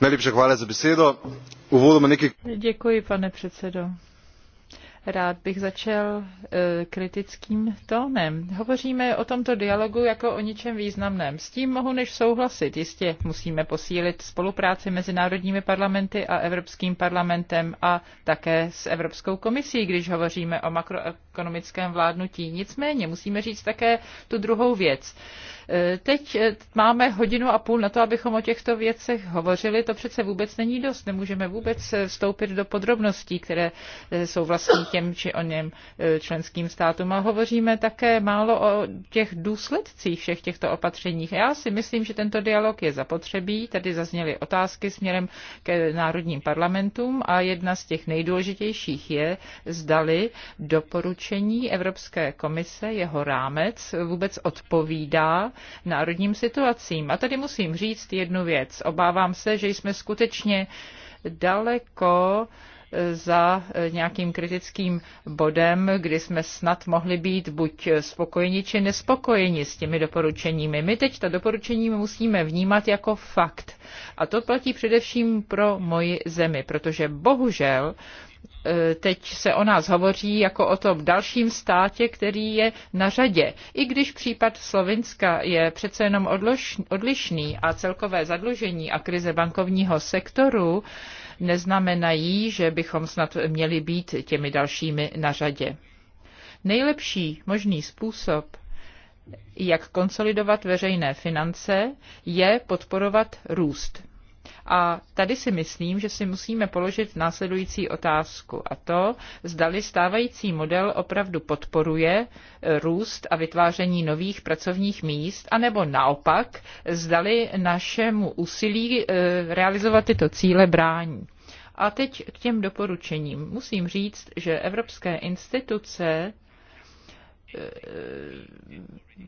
Nejlepší chvále za besedo. Uvodom Děkuji, pane předsedo. Rád bych začal e, kritickým tónem. Hovoříme o tomto dialogu jako o ničem významném. S tím mohu než souhlasit. Jistě musíme posílit spolupráci mezi národními parlamenty a Evropským parlamentem a také s Evropskou komisí, když hovoříme o makro ekonomickém vládnutí. Nicméně musíme říct také tu druhou věc. E, teď e, máme hodinu a půl na to, abychom o těchto věcech hovořili. To přece vůbec není dost. Nemůžeme vůbec e, vstoupit do podrobností, které jsou vlastní těm či o něm členským státům. A hovoříme také málo o těch důsledcích všech těchto opatřeních. Já si myslím, že tento dialog je zapotřebí. Tady zazněly otázky směrem k národním parlamentům a jedna z těch nejdůležitějších je, zdali doporučení doporučení Evropské komise, jeho rámec vůbec odpovídá národním situacím. A tady musím říct jednu věc. Obávám se, že jsme skutečně daleko eh, za eh, nějakým kritickým bodem, kdy jsme snad mohli být buď spokojeni či nespokojeni s těmi doporučeními. My teď ta doporučení musíme vnímat jako fakt. A to platí především pro moji zemi, protože bohužel Eh, teď se o nás hovoří jako o tom dalším státě, který je na řadě. I když případ Slovinska je přece jenom odlišný a celkové zadlužení a krize bankovního sektoru neznamenají, že bychom snad měli být těmi dalšími na řadě. Nejlepší možný způsob, jak konsolidovat veřejné finance, je podporovat růst a tady si myslím, že si musíme položit následující otázku a to, zdali stávající model opravdu podporuje eh, růst a vytváření nových pracovních míst, anebo naopak, zdali našemu úsilí eh, realizovat tyto cíle brání. A teď k těm doporučením. Musím říct, že evropské instituce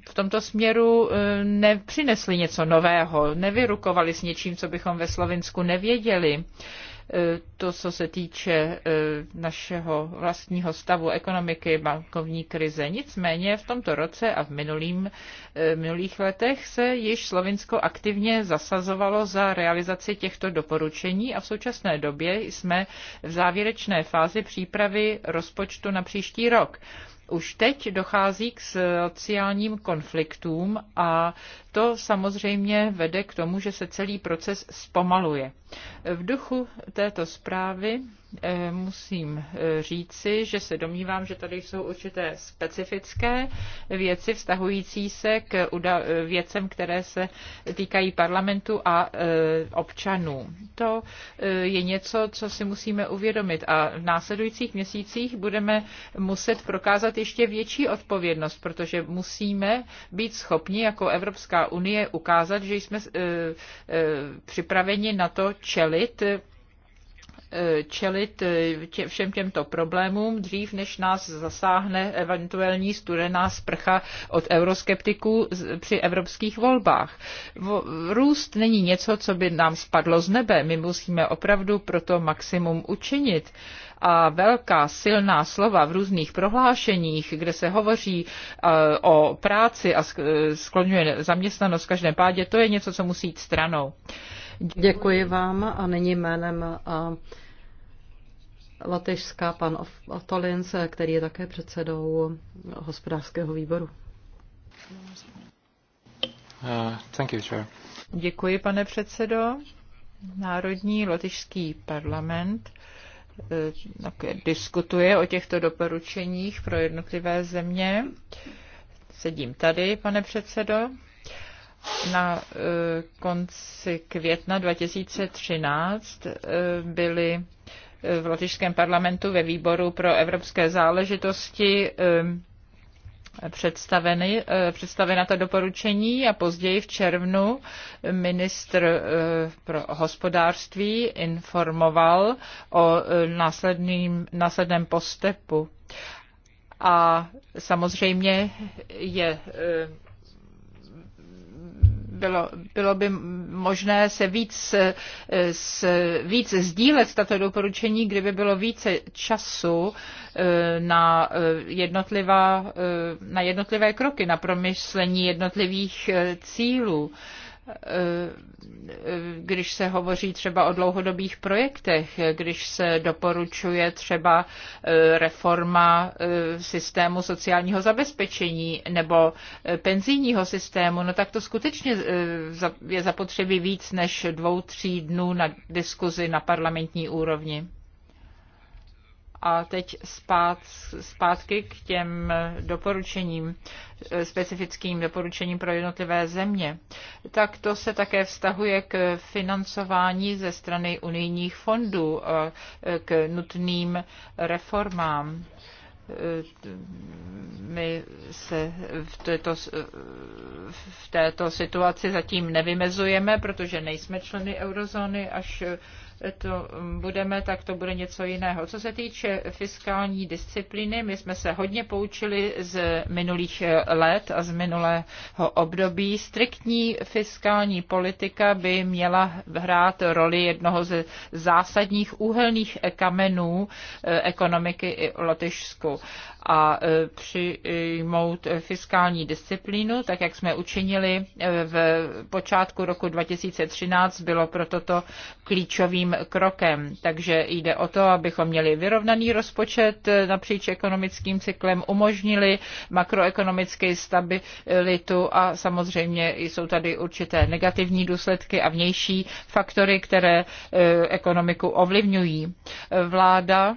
v tomto směru eh, nepřinesli něco nového, nevyrukovali s něčím, co bychom ve Slovensku nevěděli. Eh, to, co se týče eh, našeho vlastního stavu ekonomiky, bankovní krize. Nicméně v tomto roce a v minulým, minulých letech se již Slovinsko aktivně zasazovalo za realizaci těchto doporučení a v současné době jsme v závěrečné fázi přípravy rozpočtu na příští rok už teď dochází k sociálním konfliktům a to samozřejmě vede k tomu, že se celý proces zpomaluje. V duchu této zprávy Eh, musím eh, říci, že se domnívám, že tady jsou určité specifické věci vztahující se k eh, věcem, které se týkají parlamentu a občanů. To je něco, co si musíme uvědomit a v následujících měsících budeme muset prokázat ještě větší odpovědnost, protože musíme být schopni jako Evropská unie ukázat, že jsme připraveni na to čelit čelit eh, tě, všem těmto problémům dřív, než nás zasáhne eventuální studená sprcha od euroskeptiků při evropských volbách. Růst není něco, co by nám spadlo z nebe. My musíme opravdu proto maximum učinit a velká silná slova v různých prohlášeních, kde se hovoří eh, o práci a eh, skloňuje zaměstnanost v každém pádě, to je něco, co musí jít stranou. Děkuji vám a nyní jménem Lotyšska, pan Otolins, který je také předsedou hospodářského výboru. Uh, thank you, chair. Děkuji, pane předsedo. Národní lotyšský parlament eh, také diskutuje o těchto doporučeních pro jednotlivé země. Sedím tady, pane předsedo. Na eh, konci května 2013 eh, byly v lotyšském parlamentu ve výboru pro evropské záležitosti představeny, eh, představena ta doporučení a později v červnu ministr eh, pro hospodářství informoval o eh, následným, následném postepu. A samozřejmě je bylo, bylo by možné se víc, eh, s, víc sdílet tato doporučení, kdyby bylo více času eh, na, eh, jednotlivá, na jednotlivé kroky, na promyšlení jednotlivých cílů. Eh, když se hovoří třeba o dlouhodobých projektech, když se doporučuje třeba eh, reforma eh, systému sociálního zabezpečení nebo penzijního systému, no tak to skutečně je zapotřebí víc než dvou, tří dnů na diskuzi na parlamentní úrovni. A teď zpát, zpátky k těm doporučením, specifickým doporučením pro jednotlivé země. Tak to se také vztahuje k financování ze strany unijních fondů, e, k nutným reformám e, my se v této, v této situaci zatím nevymezujeme, protože nejsme členy eurozóny až to um, budeme, tak to bude něco jiného. Co se týče fiskální disciplíny, my jsme se hodně poučili z minulých eh, let a z minulého období. Striktní fiskální politika by měla hrát roli jednoho ze zásadních úhelných kamenů eh, ekonomiky i Lotyšsku a e, přijmout fiskální disciplínu, tak jak jsme učinili e, v počátku roku 2013, bylo pro toto klíčovým krokem. Takže jde o to, abychom měli vyrovnaný rozpočet e, napříč ekonomickým cyklem, umožnili makroekonomické stabilitu a samozřejmě jsou tady určité negativní důsledky a vnější faktory, které ekonomiku ovlivňují. Vláda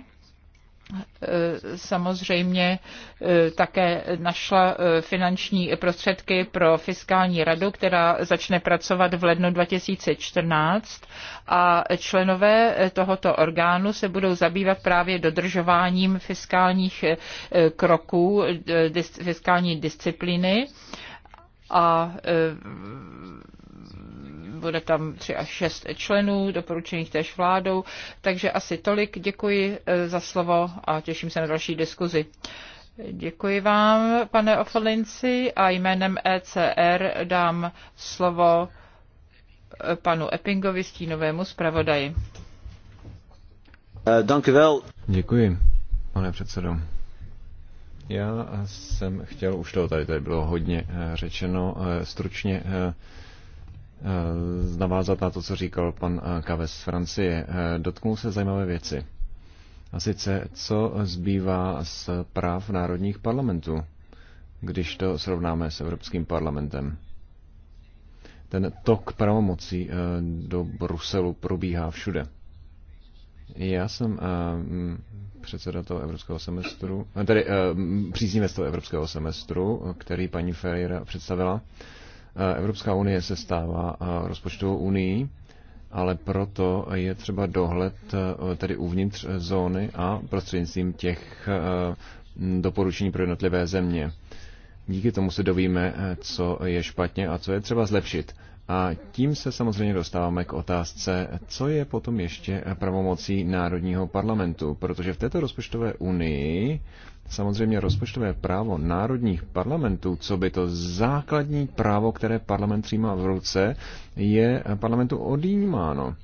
Eh, samozřejmě eh, také našla eh, finanční prostředky pro fiskální radu, která začne pracovat v lednu 2014 a členové tohoto orgánu se budou zabývat právě dodržováním fiskálních kroků, fiskální disciplíny a bude tam 3 až 6 členů, doporučených též vládou. Takže asi tolik. Děkuji eh, za slovo a těším se na další diskuzi. Děkuji vám, pane Ofolinci, a jménem ECR dám slovo eh, panu Eppingovi, stínovému zpravodaji. Eh, Děkuji, pane předsedo. Já jsem chtěl, už to tady, tady bylo hodně řečeno, stručně Eh, navázat na to, co říkal pan eh, Kaves z Francie. Eh, Dotknul se zajímavé věci. A sice, co zbývá z práv národních parlamentů, když to srovnáme s Evropským parlamentem. Ten tok pravomocí do Bruselu probíhá všude. Já jsem předseda toho evropského semestru, tedy příznivec toho evropského semestru, který paní Ferreira představila. Eh, Evropská unie se stává eh, rozpočtovou unii, ale proto je třeba dohled eh, tedy uvnitř zóny a prostřednictvím těch doporučení pro jednotlivé země. Díky tomu se dovíme, co je špatně a co je třeba zlepšit. A tím se samozřejmě dostáváme k otázce, co je potom ještě pravomocí Národního parlamentu, protože v této rozpočtové unii samozřejmě rozpočtové právo národních parlamentů, co by to základní právo, které parlament přijímá v ruce, je parlamentu odjímáno.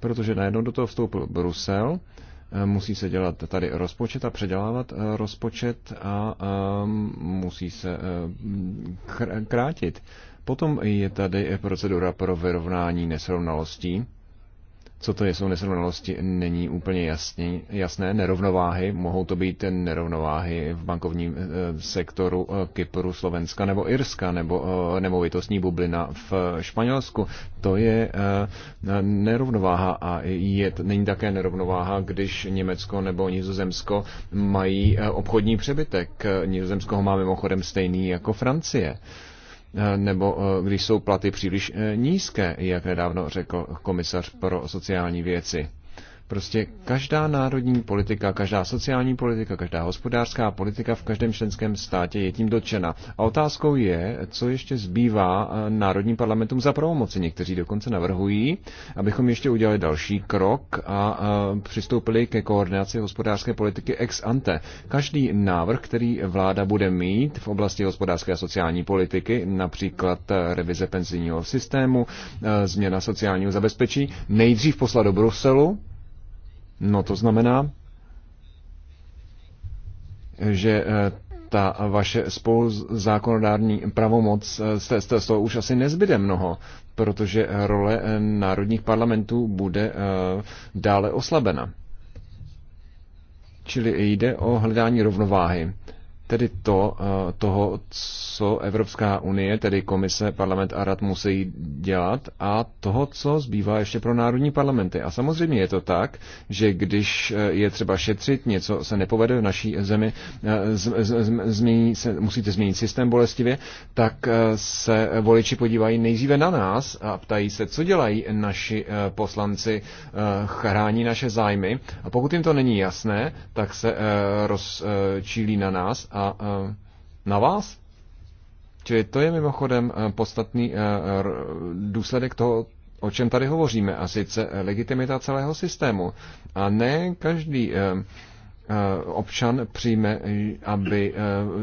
Protože najednou do toho vstoupil Brusel, eh, musí se dělat tady rozpočet a předělávat eh, rozpočet a ehm, musí se eh, krátit. Potom je tady procedura pro vyrovnání nesrovnalostí co to je, jsou nesrovnalosti, není úplně jasný, jasné. Nerovnováhy, mohou to být nerovnováhy v bankovním eh, sektoru eh, Kypru, Slovenska nebo Irska, nebo eh, nemovitostní bublina v Španělsku. To je nerovnováha a je, není také nerovnováha, když Německo nebo Nizozemsko mají obchodní přebytek. Nizozemsko ho má mimochodem stejný jako Francie. Eh, nebo eh, když jsou platy příliš eh, nízké, jak nedávno řekl komisař pro sociální věci. Prostě každá národní politika, každá sociální politika, každá hospodářská politika v každém členském státě je tím dotčena. A otázkou je, co ještě zbývá eh, národním parlamentům za pravomoci. Někteří dokonce navrhují, abychom ještě udělali další krok a eh, přistoupili ke koordinaci hospodářské politiky ex ante. Každý návrh, který vláda bude mít v oblasti hospodářské a sociální politiky, například eh, revize penzijního systému, změna sociálního zabezpečí, nejdřív poslat do Bruselu, No to znamená, že eh, ta vaše spoluzákonodární pravomoc, eh, z, z, z toho už asi nezbyde mnoho, protože role eh, národních parlamentů bude dále oslabena. Čili jde o hledání rovnováhy tedy to, eh, toho, co Evropská unie, tedy komise, parlament a rad musí dělat a toho, co zbývá ještě pro národní parlamenty. A samozřejmě je to tak, že když eh, je třeba šetřit, něco se nepovede v naší zemi, eh, z, z, z, změní se, musíte změnit systém bolestivě, tak se voliči podívají nejdříve na nás a ptají se, co dělají naši poslanci, chrání naše zájmy. A pokud jim to není jasné, tak se rozčílí na nás a eh, na vás. Čili to je mimochodem eh, podstatný eh, důsledek toho, o čem tady hovoříme, a sice legitimita celého systému. A ne každý občan přijme, aby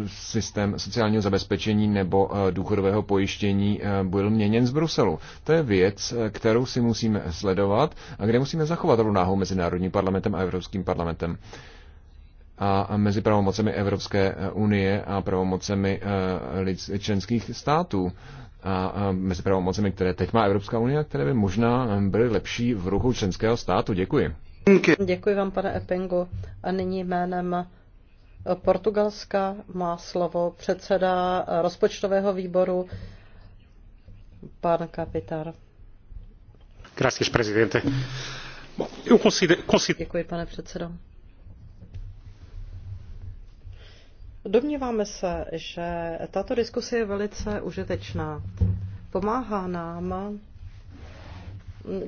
systém sociálního zabezpečení nebo důchodového pojištění byl měněn z Bruselu. To je věc, kterou si musíme sledovat a kde musíme zachovat rovnáhu mezi Národním parlamentem a Evropským parlamentem a mezi pravomocemi Evropské eh, unie a pravomocemi eh, členských států a mezi pravomocemi, které teď má Evropská unie a které by možná eh, byly lepší v rukou členského státu. Děkuji. Děkuji vám, pane Epingu. A nyní jménem Portugalska má slovo předseda rozpočtového výboru, pan kapitár. Gracias, presidente. Děkuji, pane předsedo. Domníváme se, že tato diskuse je velice užitečná. Pomáhá nám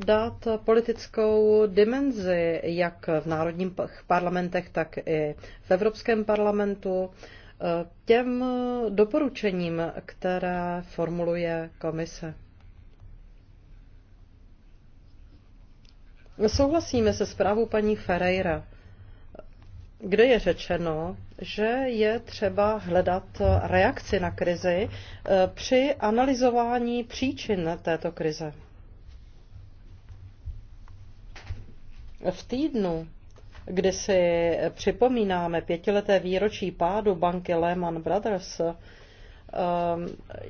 dát politickou dimenzi jak v národních parlamentech, tak i v Evropském parlamentu těm doporučením, které formuluje komise. Souhlasíme se zprávou paní Ferreira kde je řečeno, že je třeba hledat reakci na krizi eh, při analyzování příčin této krize. V týdnu, kdy si připomínáme pětileté výročí pádu banky Lehman Brothers, eh,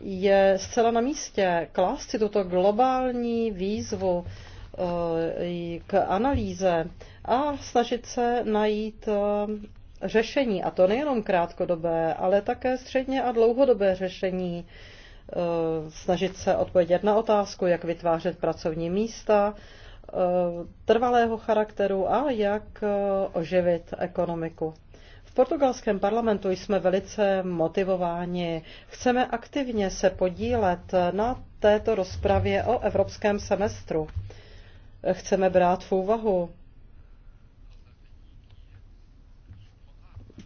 je zcela na místě klást si tuto globální výzvu Eh, k analýze a snažit se najít eh, řešení, a to nejenom krátkodobé, ale také středně a dlouhodobé řešení, eh, snažit se odpovědět na otázku, jak vytvářet pracovní místa trvalého charakteru a jak oživit ekonomiku. V portugalském parlamentu jsme velice motivováni. Chceme aktivně se podílet na této rozpravě o evropském semestru chceme brát v úvahu.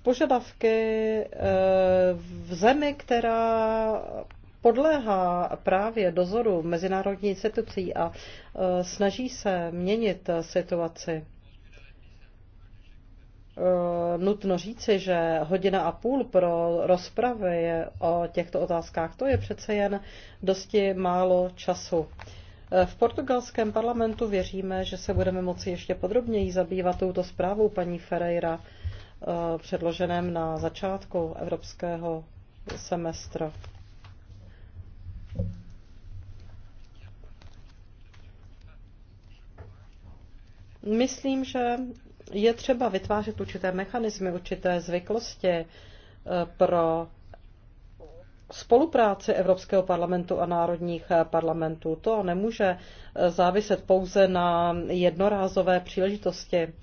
Požadavky eh, v zemi, která podléhá právě dozoru mezinárodní institucí a eh, snaží se měnit situaci. Eh, nutno říci, že hodina a půl pro rozpravy o těchto otázkách, to je přece jen dosti málo času. V portugalském parlamentu věříme, že se budeme moci ještě podrobněji zabývat touto zprávou paní Ferreira eh, předloženém na začátku evropského semestru. Myslím, že je třeba vytvářet určité mechanismy, určité zvyklosti eh, pro spolupráci Evropského parlamentu a národních parlamentů. To nemůže eh, záviset pouze na jednorázové příležitosti.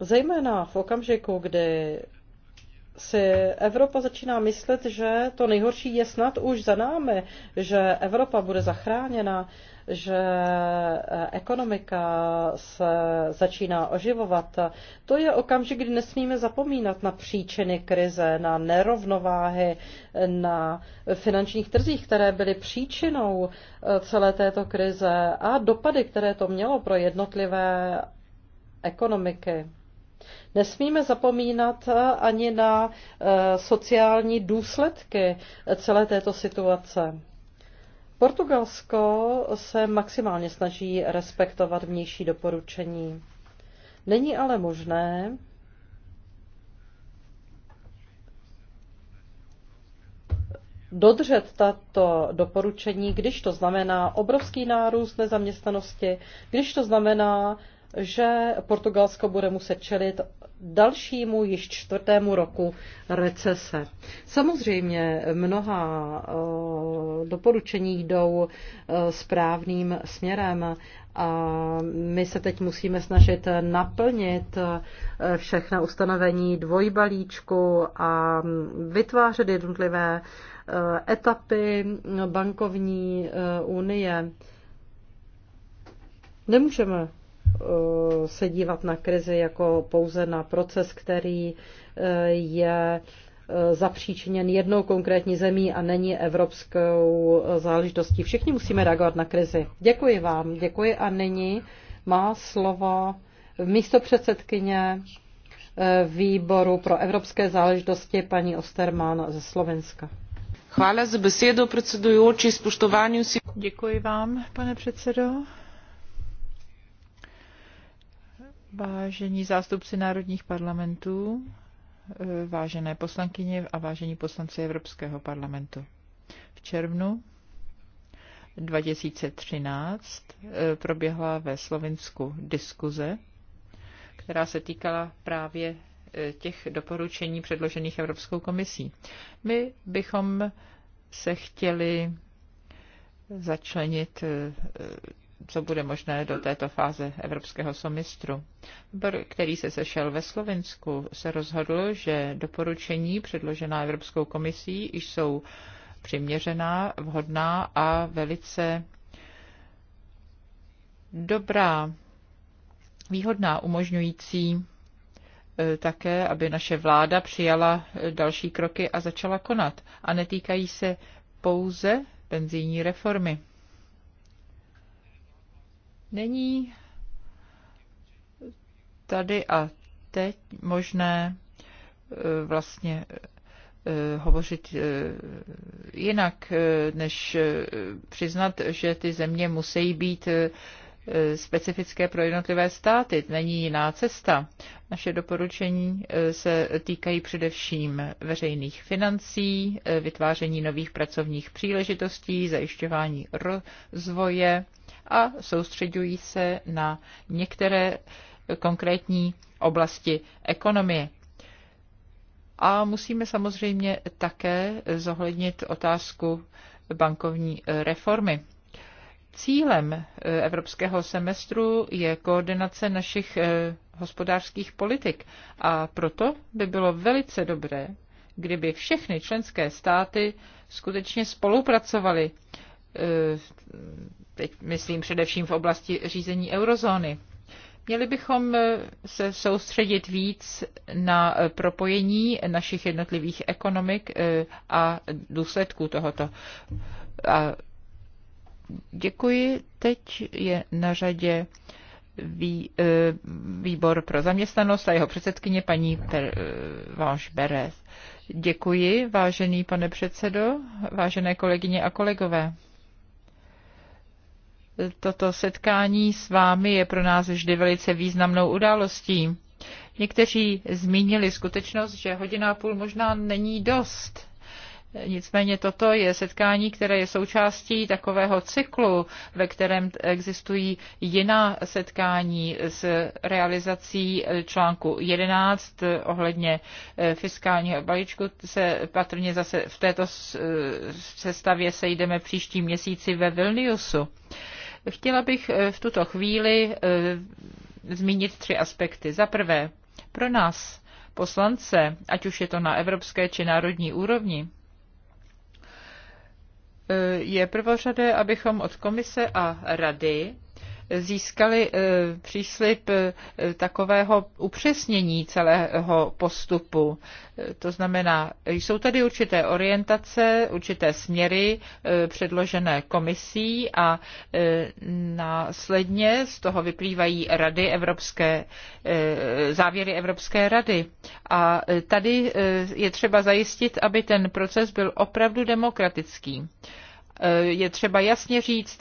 Zejména v okamžiku, kdy si Evropa začíná myslet, že to nejhorší je snad už za námi, že Evropa bude zachráněna, že eh, ekonomika se začíná oživovat, to je okamžik, kdy nesmíme zapomínat na příčiny krize, na nerovnováhy, na finančních trzích, které byly příčinou eh, celé této krize a dopady, které to mělo pro jednotlivé ekonomiky. Nesmíme zapomínat eh, ani na sociální důsledky celé této situace. Portugalsko se maximálně snaží respektovat vnější doporučení. Není ale možné, dodržet tato doporučení, když to znamená obrovský nárůst nezaměstnanosti, když to znamená, že Portugalsko bude muset čelit dalšímu, již čtvrtému roku recese. Samozřejmě mnoha eh, doporučení jdou eh, správným směrem a my se teď musíme snažit naplnit eh, všechna ustanovení dvojbalíčku a vytvářet jednotlivé etapy bankovní unie. Nemůžeme Eh, se dívat na krizi jako pouze na proces, který eh, je eh, zapříčiněn jednou konkrétní zemí a není evropskou záležitostí. Všichni musíme reagovat na krizi. Děkuji vám, děkuji a nyní má slovo místo předsedkyně výboru pro evropské záležitosti paní Osterman ze Slovenska. Chvála za besedu, předsedující, spoštování si... Děkuji vám, pane předsedo, Vážení zástupci národních parlamentů, eh, vážené poslankyně a vážení poslanci Evropského parlamentu. V červnu 2013 eh, proběhla ve Slovensku diskuze, která se týkala právě eh, těch doporučení předložených Evropskou komisí. My bychom se chtěli začlenit co bude možné do této fáze evropského semestru. Výbor, který se sešel ve Slovensku, se rozhodl, že doporučení předložená Evropskou komisí jsou přiměřená, vhodná a velice dobrá, výhodná, umožňující eh, také, aby naše vláda přijala eh, další kroky a začala konat. A netýkají se pouze penzijní reformy. Není tady a teď možné e, vlastně e, hovořit e, jinak, než přiznat, že ty země musí být specifické pro jednotlivé státy. Není jiná cesta. Naše doporučení se týkají především veřejných financí, vytváření nových pracovních příležitostí, zajišťování rozvoje a soustředují se na některé konkrétní oblasti ekonomie. A musíme samozřejmě také zohlednit otázku bankovní reformy. Cílem eh, evropského semestru je koordinace našich eh, hospodářských politik a proto by bylo velice dobré, kdyby všechny členské státy skutečně spolupracovaly eh, teď myslím především v oblasti řízení eurozóny. Měli bychom eh, se soustředit víc na eh, propojení našich jednotlivých ekonomik eh, a důsledků tohoto. A děkuji. Teď je na řadě výbor pro zaměstnanost a jeho předsedkyně paní Váš Beres. Děkuji, vážený pane předsedo, vážené kolegyně a kolegové. Toto setkání s vámi je pro nás vždy velice významnou událostí. Někteří zmínili skutečnost, že hodina a půl možná není dost. Nicméně toto je setkání, které je součástí takového cyklu, ve kterém existují jiná setkání s realizací článku 11 ohledně eh, fiskálního balíčku. Se patrně zase v této sestavě sejdeme příští měsíci ve Vilniusu. Chtěla bych eh, v tuto chvíli eh, zmínit tři aspekty. Za prvé, pro nás poslance, ať už je to na evropské či národní úrovni, eh, je prvořadé, abychom od komise a rady získali eh, příslip eh, takového upřesnění celého postupu. Eh, to znamená, jsou tady určité orientace, určité směry předložené komisí a následně z toho vyplývají rady Evropské, závěry Evropské rady. A tady je třeba zajistit, aby ten proces byl opravdu demokratický. Je třeba jasně říct,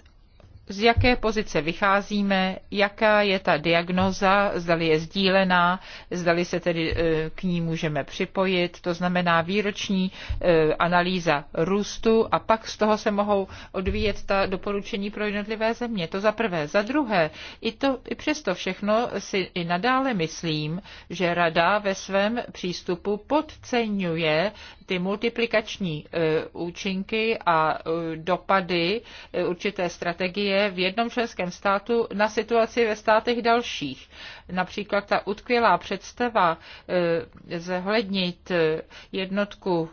z jaké pozice vycházíme, jaká je ta diagnoza, zdali je sdílená, zdali se tedy e, k ní můžeme připojit, to znamená výroční e, analýza růstu a pak z toho se mohou odvíjet ta doporučení pro jednotlivé země. To za prvé. Za druhé, i, to, i přesto všechno si i nadále myslím, že Rada ve svém přístupu podceňuje ty multiplikační e, účinky a e, dopady e, určité strategie v jednom členském státu na situaci ve státech dalších. Například ta utkvělá představa zahlednit jednotku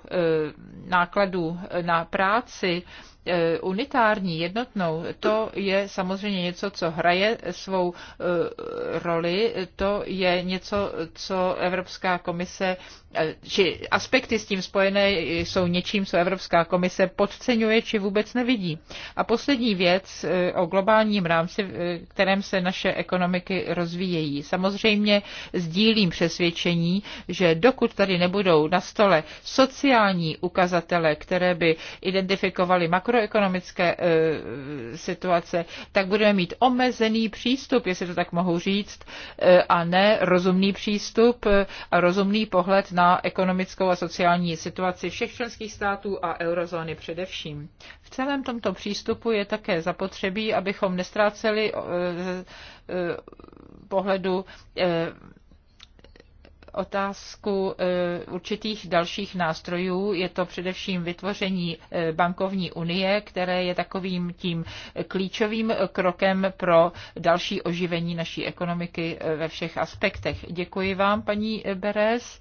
nákladů na práci Eh, unitární, jednotnou, to je samozřejmě něco, co hraje svou eh, roli, to je něco, co Evropská komise, eh, či aspekty s tím spojené jsou něčím, co Evropská komise podceňuje, či vůbec nevidí. A poslední věc o globálním rámci, kterém se naše ekonomiky rozvíjejí. Samozřejmě sdílím přesvědčení, že dokud tady nebudou na stole sociální ukazatele, které by identifikovaly makro makroekonomické eh, situace, tak budeme mít omezený přístup, jestli to tak mohu říct, eh, a ne rozumný přístup eh, a rozumný pohled na ekonomickou a sociální situaci všech členských států a eurozóny především. V celém tomto přístupu je také zapotřebí, abychom nestráceli pohledu otázku e, určitých dalších nástrojů. Je to především vytvoření e, bankovní unie, které je takovým tím klíčovým krokem pro další oživení naší ekonomiky e, ve všech aspektech. Děkuji vám, paní Beres.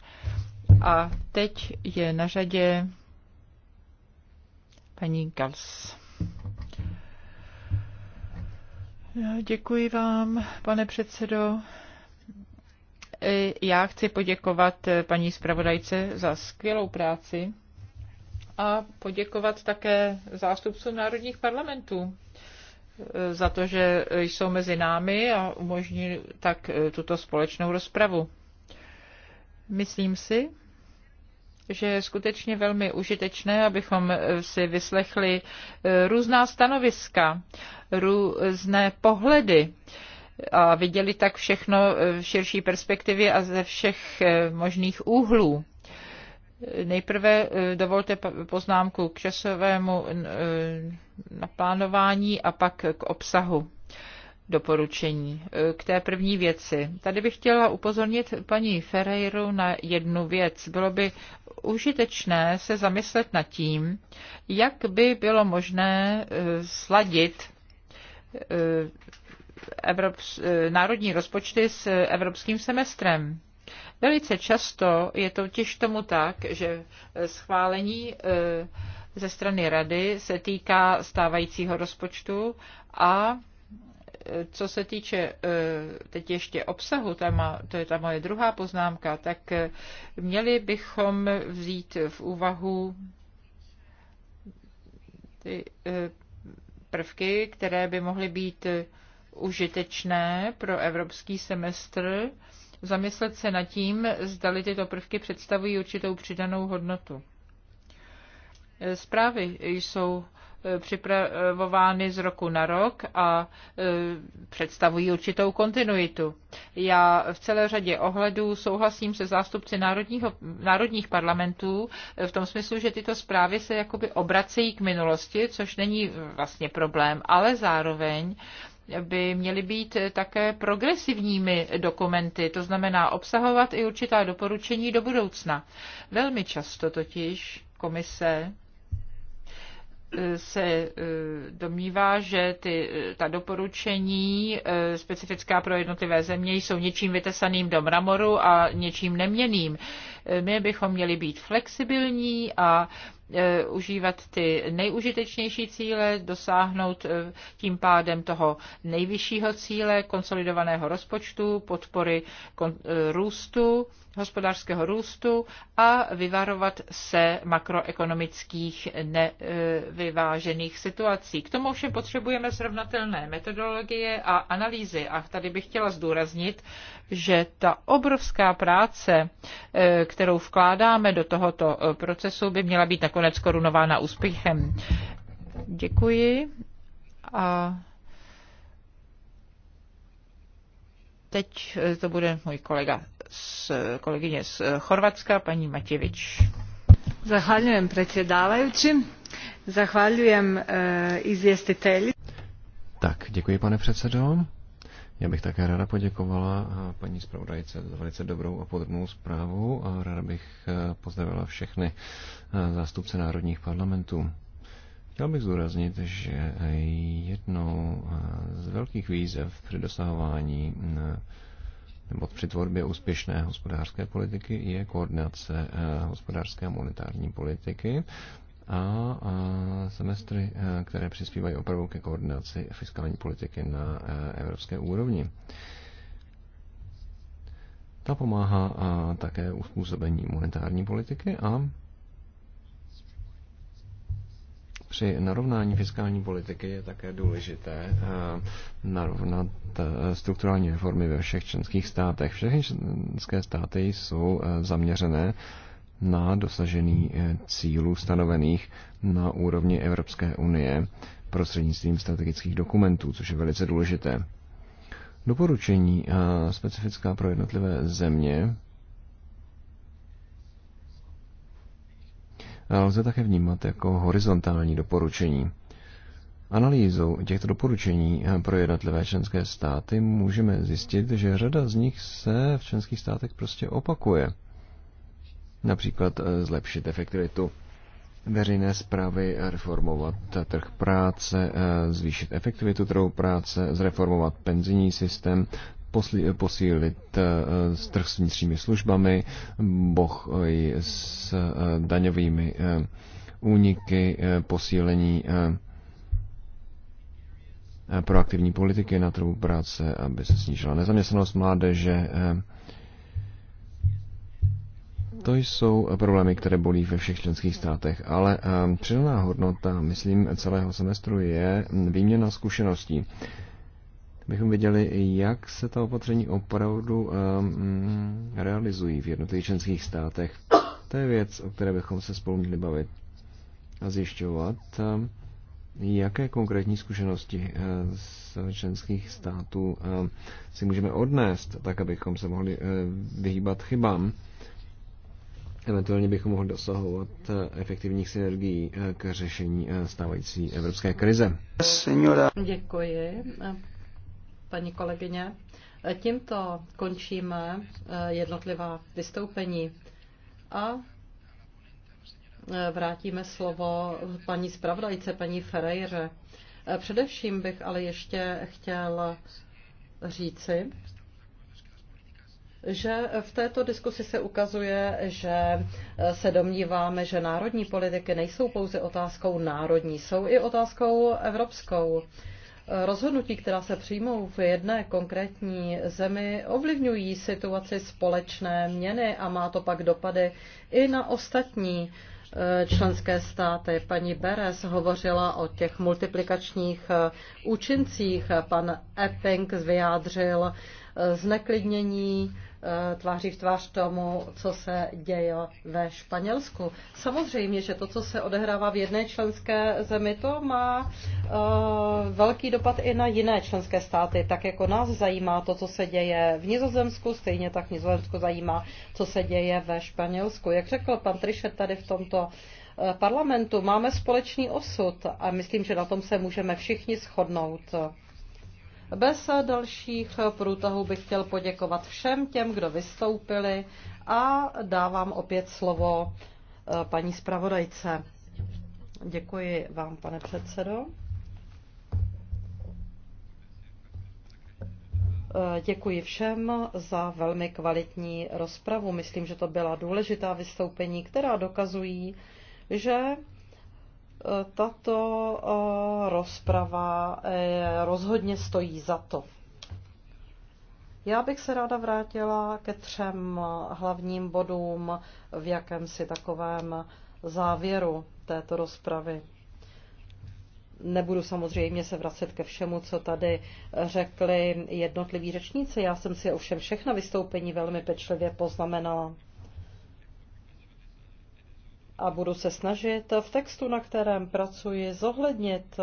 A teď je na řadě paní Gals. Děkuji vám, pane předsedo. E, já chci poděkovat e, paní zpravodajce za skvělou práci a poděkovat také zástupcům národních parlamentů e, za to, že jsou mezi námi a umožní tak tuto společnou rozpravu. Myslím si, že je skutečně velmi užitečné, abychom si vyslechli různá stanoviska, různé pohledy a viděli tak všechno v širší perspektivě a ze všech eh, možných úhlů. Nejprve eh, dovolte poznámku k časovému eh, naplánování a pak k obsahu doporučení. K té první věci. Tady bych chtěla upozornit paní Ferreiru na jednu věc. Bylo by užitečné se zamyslet nad tím, jak by bylo možné sladit Evrops, eh, národní rozpočty s evropským semestrem. Velice často je totiž tomu tak, že eh, schválení eh, ze strany rady se týká stávajícího rozpočtu a co se týče teď ještě obsahu, to je ta moje druhá poznámka, tak měli bychom vzít v úvahu ty prvky, které by mohly být užitečné pro evropský semestr zamyslet se nad tím, zdali tyto prvky představují určitou přidanou hodnotu. Zprávy jsou eh, připravovány z roku na rok a eh, představují určitou kontinuitu. Já v celé řadě ohledů souhlasím se zástupci národního, národních parlamentů eh, v tom smyslu, že tyto zprávy se jakoby obracejí k minulosti, což není vlastně problém, ale zároveň by měly být také progresivními dokumenty, to znamená obsahovat i určitá doporučení do budoucna. Velmi často totiž komise eh, se eh, domnívá, že ty, eh, ta doporučení specifická pro jednotlivé země jsou něčím vytesaným do mramoru a něčím neměným. My bychom měli být flexibilní a E, užívat ty nejužitečnější cíle, dosáhnout e, tím pádem toho nejvyššího cíle konsolidovaného rozpočtu, podpory e, růstu, hospodářského růstu a vyvarovat se makroekonomických nevyvážených situací. K tomu všem potřebujeme srovnatelné metodologie a analýzy. A tady bych chtěla zdůraznit, že ta obrovská práce, kterou vkládáme do tohoto procesu, by měla být nakonec nakonec korunována úspěchem. Děkuji a teď eh, to bude můj kolega z, kolegyně z Chorvatska, paní Matěvič. Zahvaljujem predsjedavajući, zahvaljujem e, izvjestitelji. Tak, děkuji pane předsedo. Já bych také ráda poděkovala eh, paní zpravodajce za velice dobrou a podrobnou zprávu a ráda bych eh, pozdravila všechny eh, zástupce národních parlamentů. Chtěl bych zdůraznit, že jednou z velkých výzev při dosahování nebo při tvorbě úspěšné hospodářské politiky je koordinace hospodářské a monetární politiky a, semestry, e, které přispívají opravdu ke koordinaci fiskální politiky na e, evropské úrovni. Ta pomáhá a také uspůsobení monetární politiky a při narovnání fiskální politiky je také důležité e, narovnat strukturální reformy ve všech členských státech. Všechny členské státy jsou zaměřené na dosažení eh, cílů stanovených na úrovni Evropské unie prostřednictvím strategických dokumentů, což je velice důležité. Doporučení a eh, specifická pro jednotlivé země lze také vnímat jako horizontální doporučení. Analýzou těchto doporučení eh, pro jednotlivé členské státy můžeme zjistit, že řada z nich se v členských státech prostě opakuje – například eh, zlepšit efektivitu veřejné zprávy, eh, reformovat trh práce, eh, zvýšit efektivitu trhu práce, zreformovat penzijní systém, posílit trh s vnitřními službami, boj s daňovými úniky, posílení proaktivní politiky na trhu práce, aby se snížila nezaměstnanost mládeže, to jsou eh, problémy, které bolí ve všech členských státech, ale ehm, přidaná hodnota, myslím, celého semestru je hm, výměna zkušeností. Bychom viděli, jak se ta opatření opravdu ehm, realizují v jednotlivých členských státech. To je věc, o které bychom se spolu měli bavit a zjišťovat, ehm, jaké konkrétní zkušenosti eh, z členských států si můžeme odnést, tak abychom se mohli eh, vyhýbat chybám Eventuálně bychom mohli dosahovat eh, efektivních synergií eh, k řešení eh, stávající evropské krize. Děkuji, paní kolegyně. Tímto končíme jednotlivá vystoupení a vrátíme slovo paní zpravodajce, paní Ferreire. Především bych ale ještě chtěl říci, že v této diskusi se ukazuje, že se domníváme, že národní politiky nejsou pouze otázkou národní, jsou i otázkou evropskou. Rozhodnutí, která se přijmou v jedné konkrétní zemi, ovlivňují situaci společné měny a má to pak dopady i na ostatní eh, členské státy. Paní Beres hovořila o těch multiplikačních eh, účincích, pan Epping vyjádřil eh, zneklidnění Eh, tváří v tvář tomu, co se děje ve Španělsku. Samozřejmě, že to, co se odehrává v jedné členské zemi, to má eh, velký dopad i na jiné členské státy. Tak jako nás zajímá to, co se děje v Nizozemsku, stejně tak Nizozemsko zajímá, co se děje ve Španělsku. Jak řekl pan Trišet tady v tomto eh, parlamentu, máme společný osud a myslím, že na tom se můžeme všichni shodnout. Bez dalších průtahů bych chtěl poděkovat všem těm, kdo vystoupili a dávám opět slovo eh, paní zpravodajce. Děkuji vám, pane předsedo. Eh, děkuji všem za velmi kvalitní rozpravu. Myslím, že to byla důležitá vystoupení, která dokazují, že tato eh, rozprava eh, rozhodně stojí za to. Já bych se ráda vrátila ke třem hlavním bodům v jakémsi takovém závěru této rozpravy. Nebudu samozřejmě se vracet ke všemu, co tady řekli jednotliví řečníci. Já jsem si ovšem všechna vystoupení velmi pečlivě poznamenala a budu se snažit v textu, na kterém pracuji, zohlednit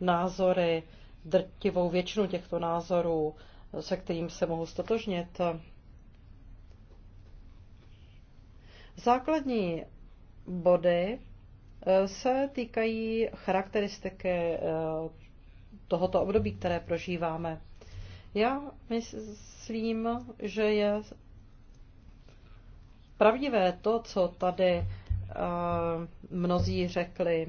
názory, drtivou většinu těchto názorů, se kterým se mohu stotožnit. Základní body eh, se týkají charakteristiky eh, tohoto období, které prožíváme. Já myslím, že je pravdivé to, co tady Eh, mnozí řekli,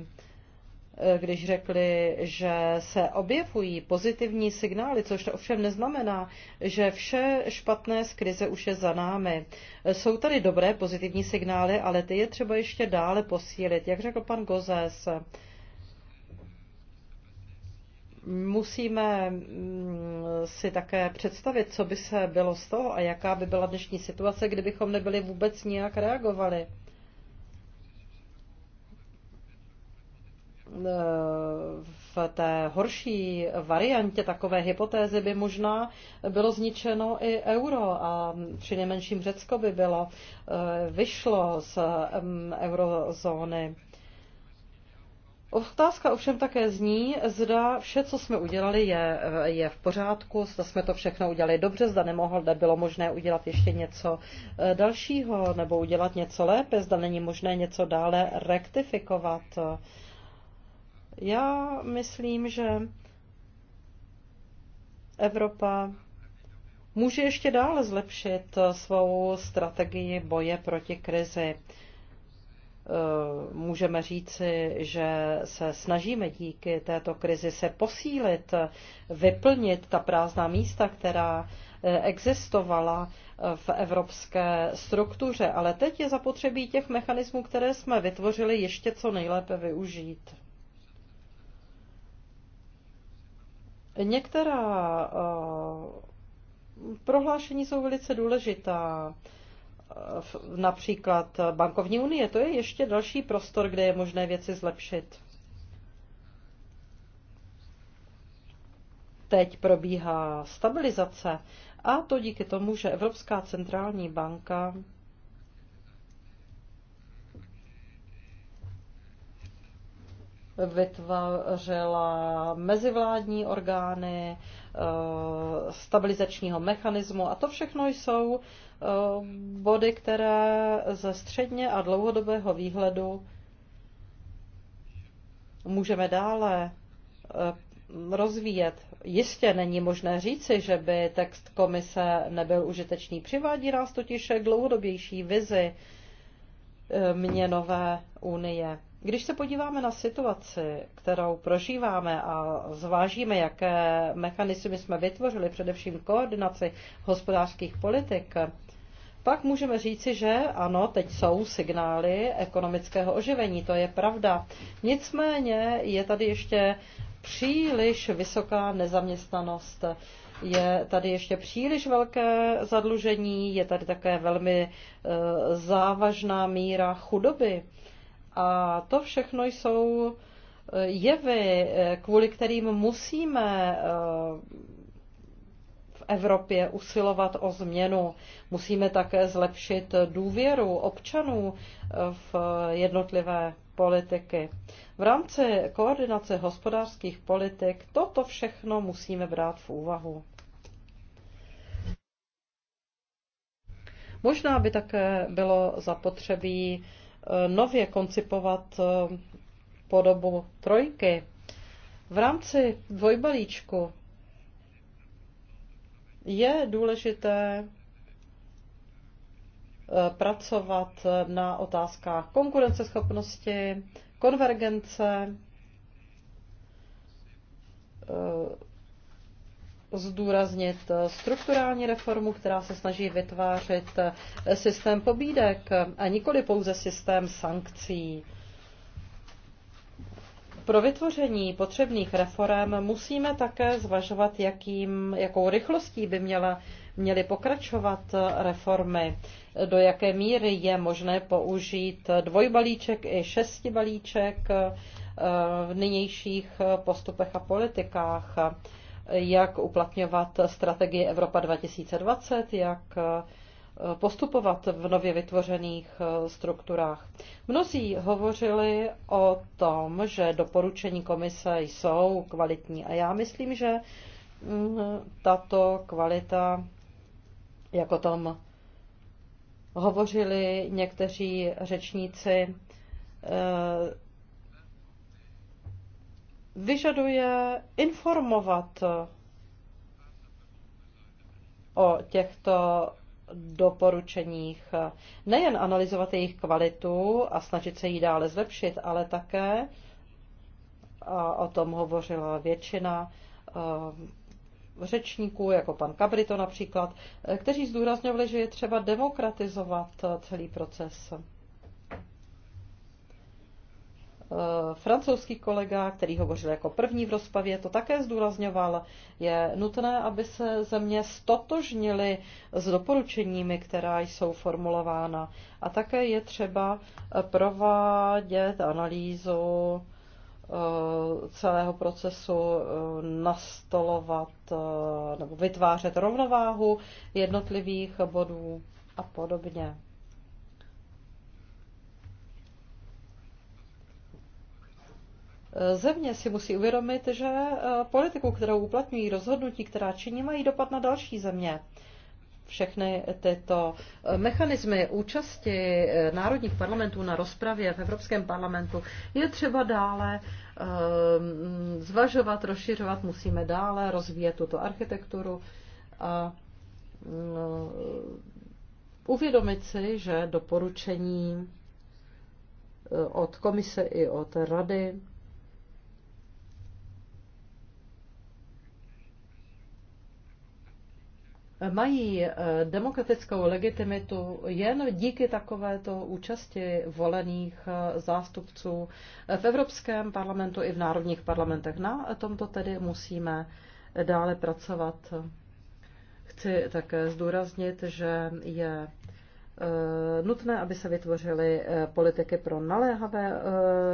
eh, když řekli, že se objevují pozitivní signály, což to ovšem neznamená, že vše špatné z krize už je za námi. Eh, jsou tady dobré pozitivní signály, ale ty je třeba ještě dále posílit. Jak řekl pan Gozes, musíme mm, si také představit, co by se bylo z toho a jaká by byla dnešní situace, kdybychom nebyli vůbec nijak reagovali. v té horší variantě takové hypotézy by možná bylo zničeno i euro a při nejmenším Řecko by bylo eh, vyšlo z eurozóny. Otázka ovšem také zní, zda vše, co jsme udělali, je, eh, je v pořádku, zda jsme to všechno udělali dobře, zda nemohl, zda bylo možné udělat ještě něco eh, dalšího nebo udělat něco lépe, zda není možné něco dále rektifikovat. Já myslím, že Evropa může ještě dále zlepšit svou strategii boje proti krizi. Eh, můžeme říci, že se snažíme díky této krizi se posílit, vyplnit ta prázdná místa, která eh, existovala eh, v evropské struktuře, ale teď je zapotřebí těch mechanismů, které jsme vytvořili, ještě co nejlépe využít. Některá eh, prohlášení jsou velice důležitá. Eh, například bankovní unie, to je ještě další prostor, kde je možné věci zlepšit. Teď probíhá stabilizace a to díky tomu, že Evropská centrální banka vytvořila mezivládní orgány eh, stabilizačního mechanismu a to všechno jsou eh, body, které ze středně a dlouhodobého výhledu můžeme dále eh, rozvíjet. Jistě není možné říci, že by text komise nebyl užitečný. Přivádí nás totiž k dlouhodobější vizi měnové unie. Když se podíváme na situaci, kterou prožíváme a zvážíme, jaké mechanismy jsme vytvořili, především koordinaci hospodářských politik, pak můžeme říci, že ano, teď jsou signály ekonomického oživení, to je pravda. Nicméně je tady ještě příliš vysoká nezaměstnanost, je tady ještě příliš velké zadlužení, je tady také velmi eh, závažná míra chudoby. A to všechno jsou eh, jevy, eh, kvůli kterým musíme eh, v Evropě usilovat o změnu. Musíme také zlepšit důvěru občanů v jednotlivé politiky. V rámci koordinace hospodářských politik toto všechno musíme brát v úvahu. Možná by také bylo zapotřebí Eh, nově koncipovat eh, podobu trojky. V rámci dvojbalíčku je důležité eh, pracovat na otázkách konkurenceschopnosti, konvergence, zdůraznit strukturální reformu, která se snaží vytvářet systém pobídek a nikoli pouze systém sankcí. Pro vytvoření potřebných reform musíme také zvažovat, jakým, jakou rychlostí by měla, měly pokračovat reformy, do jaké míry je možné použít dvojbalíček i šestibalíček eh, v nynějších postupech a politikách jak uplatňovat strategii Evropa 2020, jak eh, postupovat v nově vytvořených eh, strukturách. Mnozí hovořili o tom, že doporučení komise jsou kvalitní a já myslím, že mm, tato kvalita, jak o tom hovořili někteří řečníci, eh, vyžaduje informovat o těchto doporučeních. Nejen analyzovat jejich kvalitu a snažit se ji dále zlepšit, ale také, a o tom hovořila většina eh, řečníků, jako pan Cabrito například, eh, kteří zdůrazňovali, že je třeba demokratizovat eh, celý proces. Eh, francouzský kolega, který hovořil jako první v rozpavě, to také zdůrazňoval. Je nutné, aby se země stotožnily s doporučeními, která jsou formulována. A také je třeba provádět analýzu eh, celého procesu eh, nastolovat nebo vytvářet rovnováhu jednotlivých bodů a podobně. Země si musí uvědomit, že eh, politiku, kterou uplatňují, rozhodnutí, která činí, mají dopad na další země. Všechny tyto eh, mechanismy účasti eh, národních parlamentů na rozpravě v Evropském parlamentu je třeba dále zvažovat, rozšiřovat, musíme dále rozvíjet tuto architekturu a uvědomit si, že doporučení od komise i od rady mají eh, demokratickou legitimitu jen díky takovéto účasti volených eh, zástupců v Evropském parlamentu i v národních parlamentech. Na tomto tedy musíme dále pracovat. Chci také zdůraznit, že je eh, nutné, aby se vytvořily politiky pro naléhavé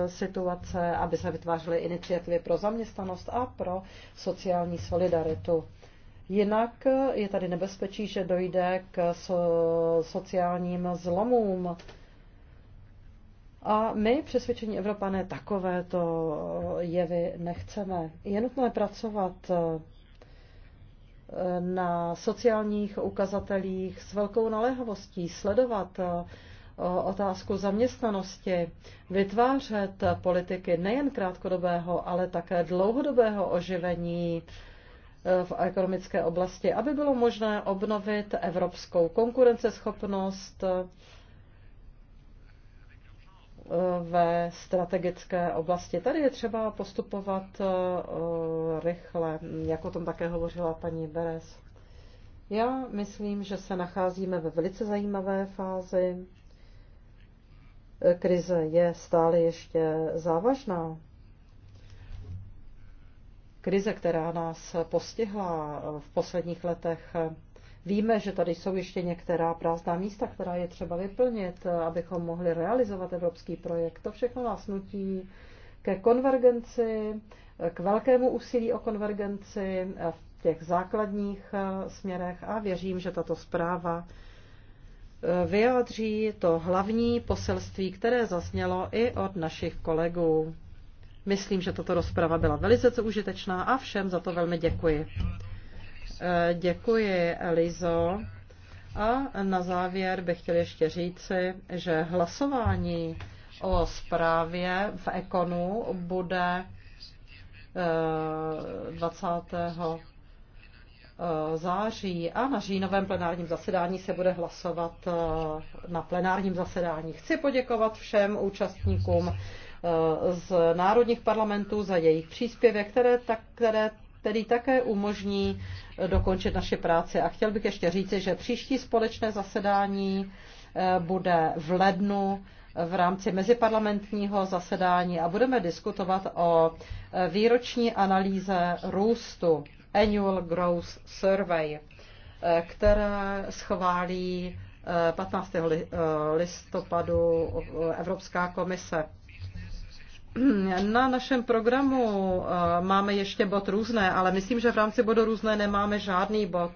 situace, aby se vytvářely iniciativy pro zaměstnanost a pro sociální solidaritu. Jinak je tady nebezpečí, že dojde k sociálním zlomům. A my, přesvědčení Evropané, takovéto jevy nechceme. Je nutné pracovat eh, na sociálních ukazatelích s velkou naléhavostí, sledovat eh, otázku zaměstnanosti, vytvářet politiky nejen krátkodobého, ale také dlouhodobého oživení v ekonomické oblasti, aby bylo možné obnovit evropskou konkurenceschopnost eh, ve strategické oblasti. Tady je třeba postupovat eh, rychle, jako o tom také hovořila paní Beres. Já myslím, že se nacházíme ve velice zajímavé fázi. Krize je stále ještě závažná krize, která nás postihla v posledních letech, Víme, že tady jsou ještě některá prázdná místa, která je třeba vyplnit, abychom mohli realizovat evropský projekt. To všechno nás nutí ke konvergenci, k velkému úsilí o konvergenci v těch základních směrech a věřím, že tato zpráva vyjádří to hlavní poselství, které zasnělo i od našich kolegů. Myslím, že tato rozprava byla velice užitečná a všem za to velmi děkuji. Eh, děkuji, Elizo. A na závěr bych chtěl ještě říci, že hlasování o zprávě v Ekonu bude 20. Eh, eh, září a na říjnovém plenárním zasedání se bude hlasovat na plenárním zasedání. Chci poděkovat všem účastníkům Eh, z národních parlamentů za jejich příspěvek, které, tak, které tedy také umožní dokončit naše práce. A chtěl bych ještě říci, že příští společné zasedání eh, bude v lednu v rámci meziparlamentního zasedání a budeme diskutovat o eh, výroční analýze růstu Annual Growth Survey, které schválí 15. listopadu Evropská komise. Na našem programu eh, máme ještě bod různé, ale myslím, že v rámci bodu různé nemáme žádný bod.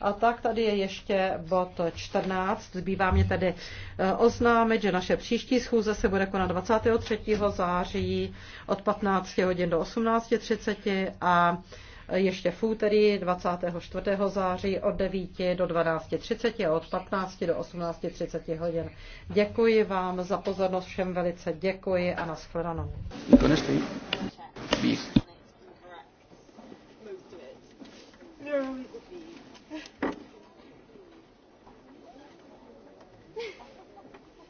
A tak tady je ještě bod 14. Zbývá mě tedy eh, oznámit, že naše příští schůze se bude konat 23. září od 15 hodin do 18.30 a ještě v úterý 24. září od 9 do 12.30 a od 15 do 18.30 hodin. Děkuji vám za pozornost, všem velice děkuji a nashledanou. Yeah.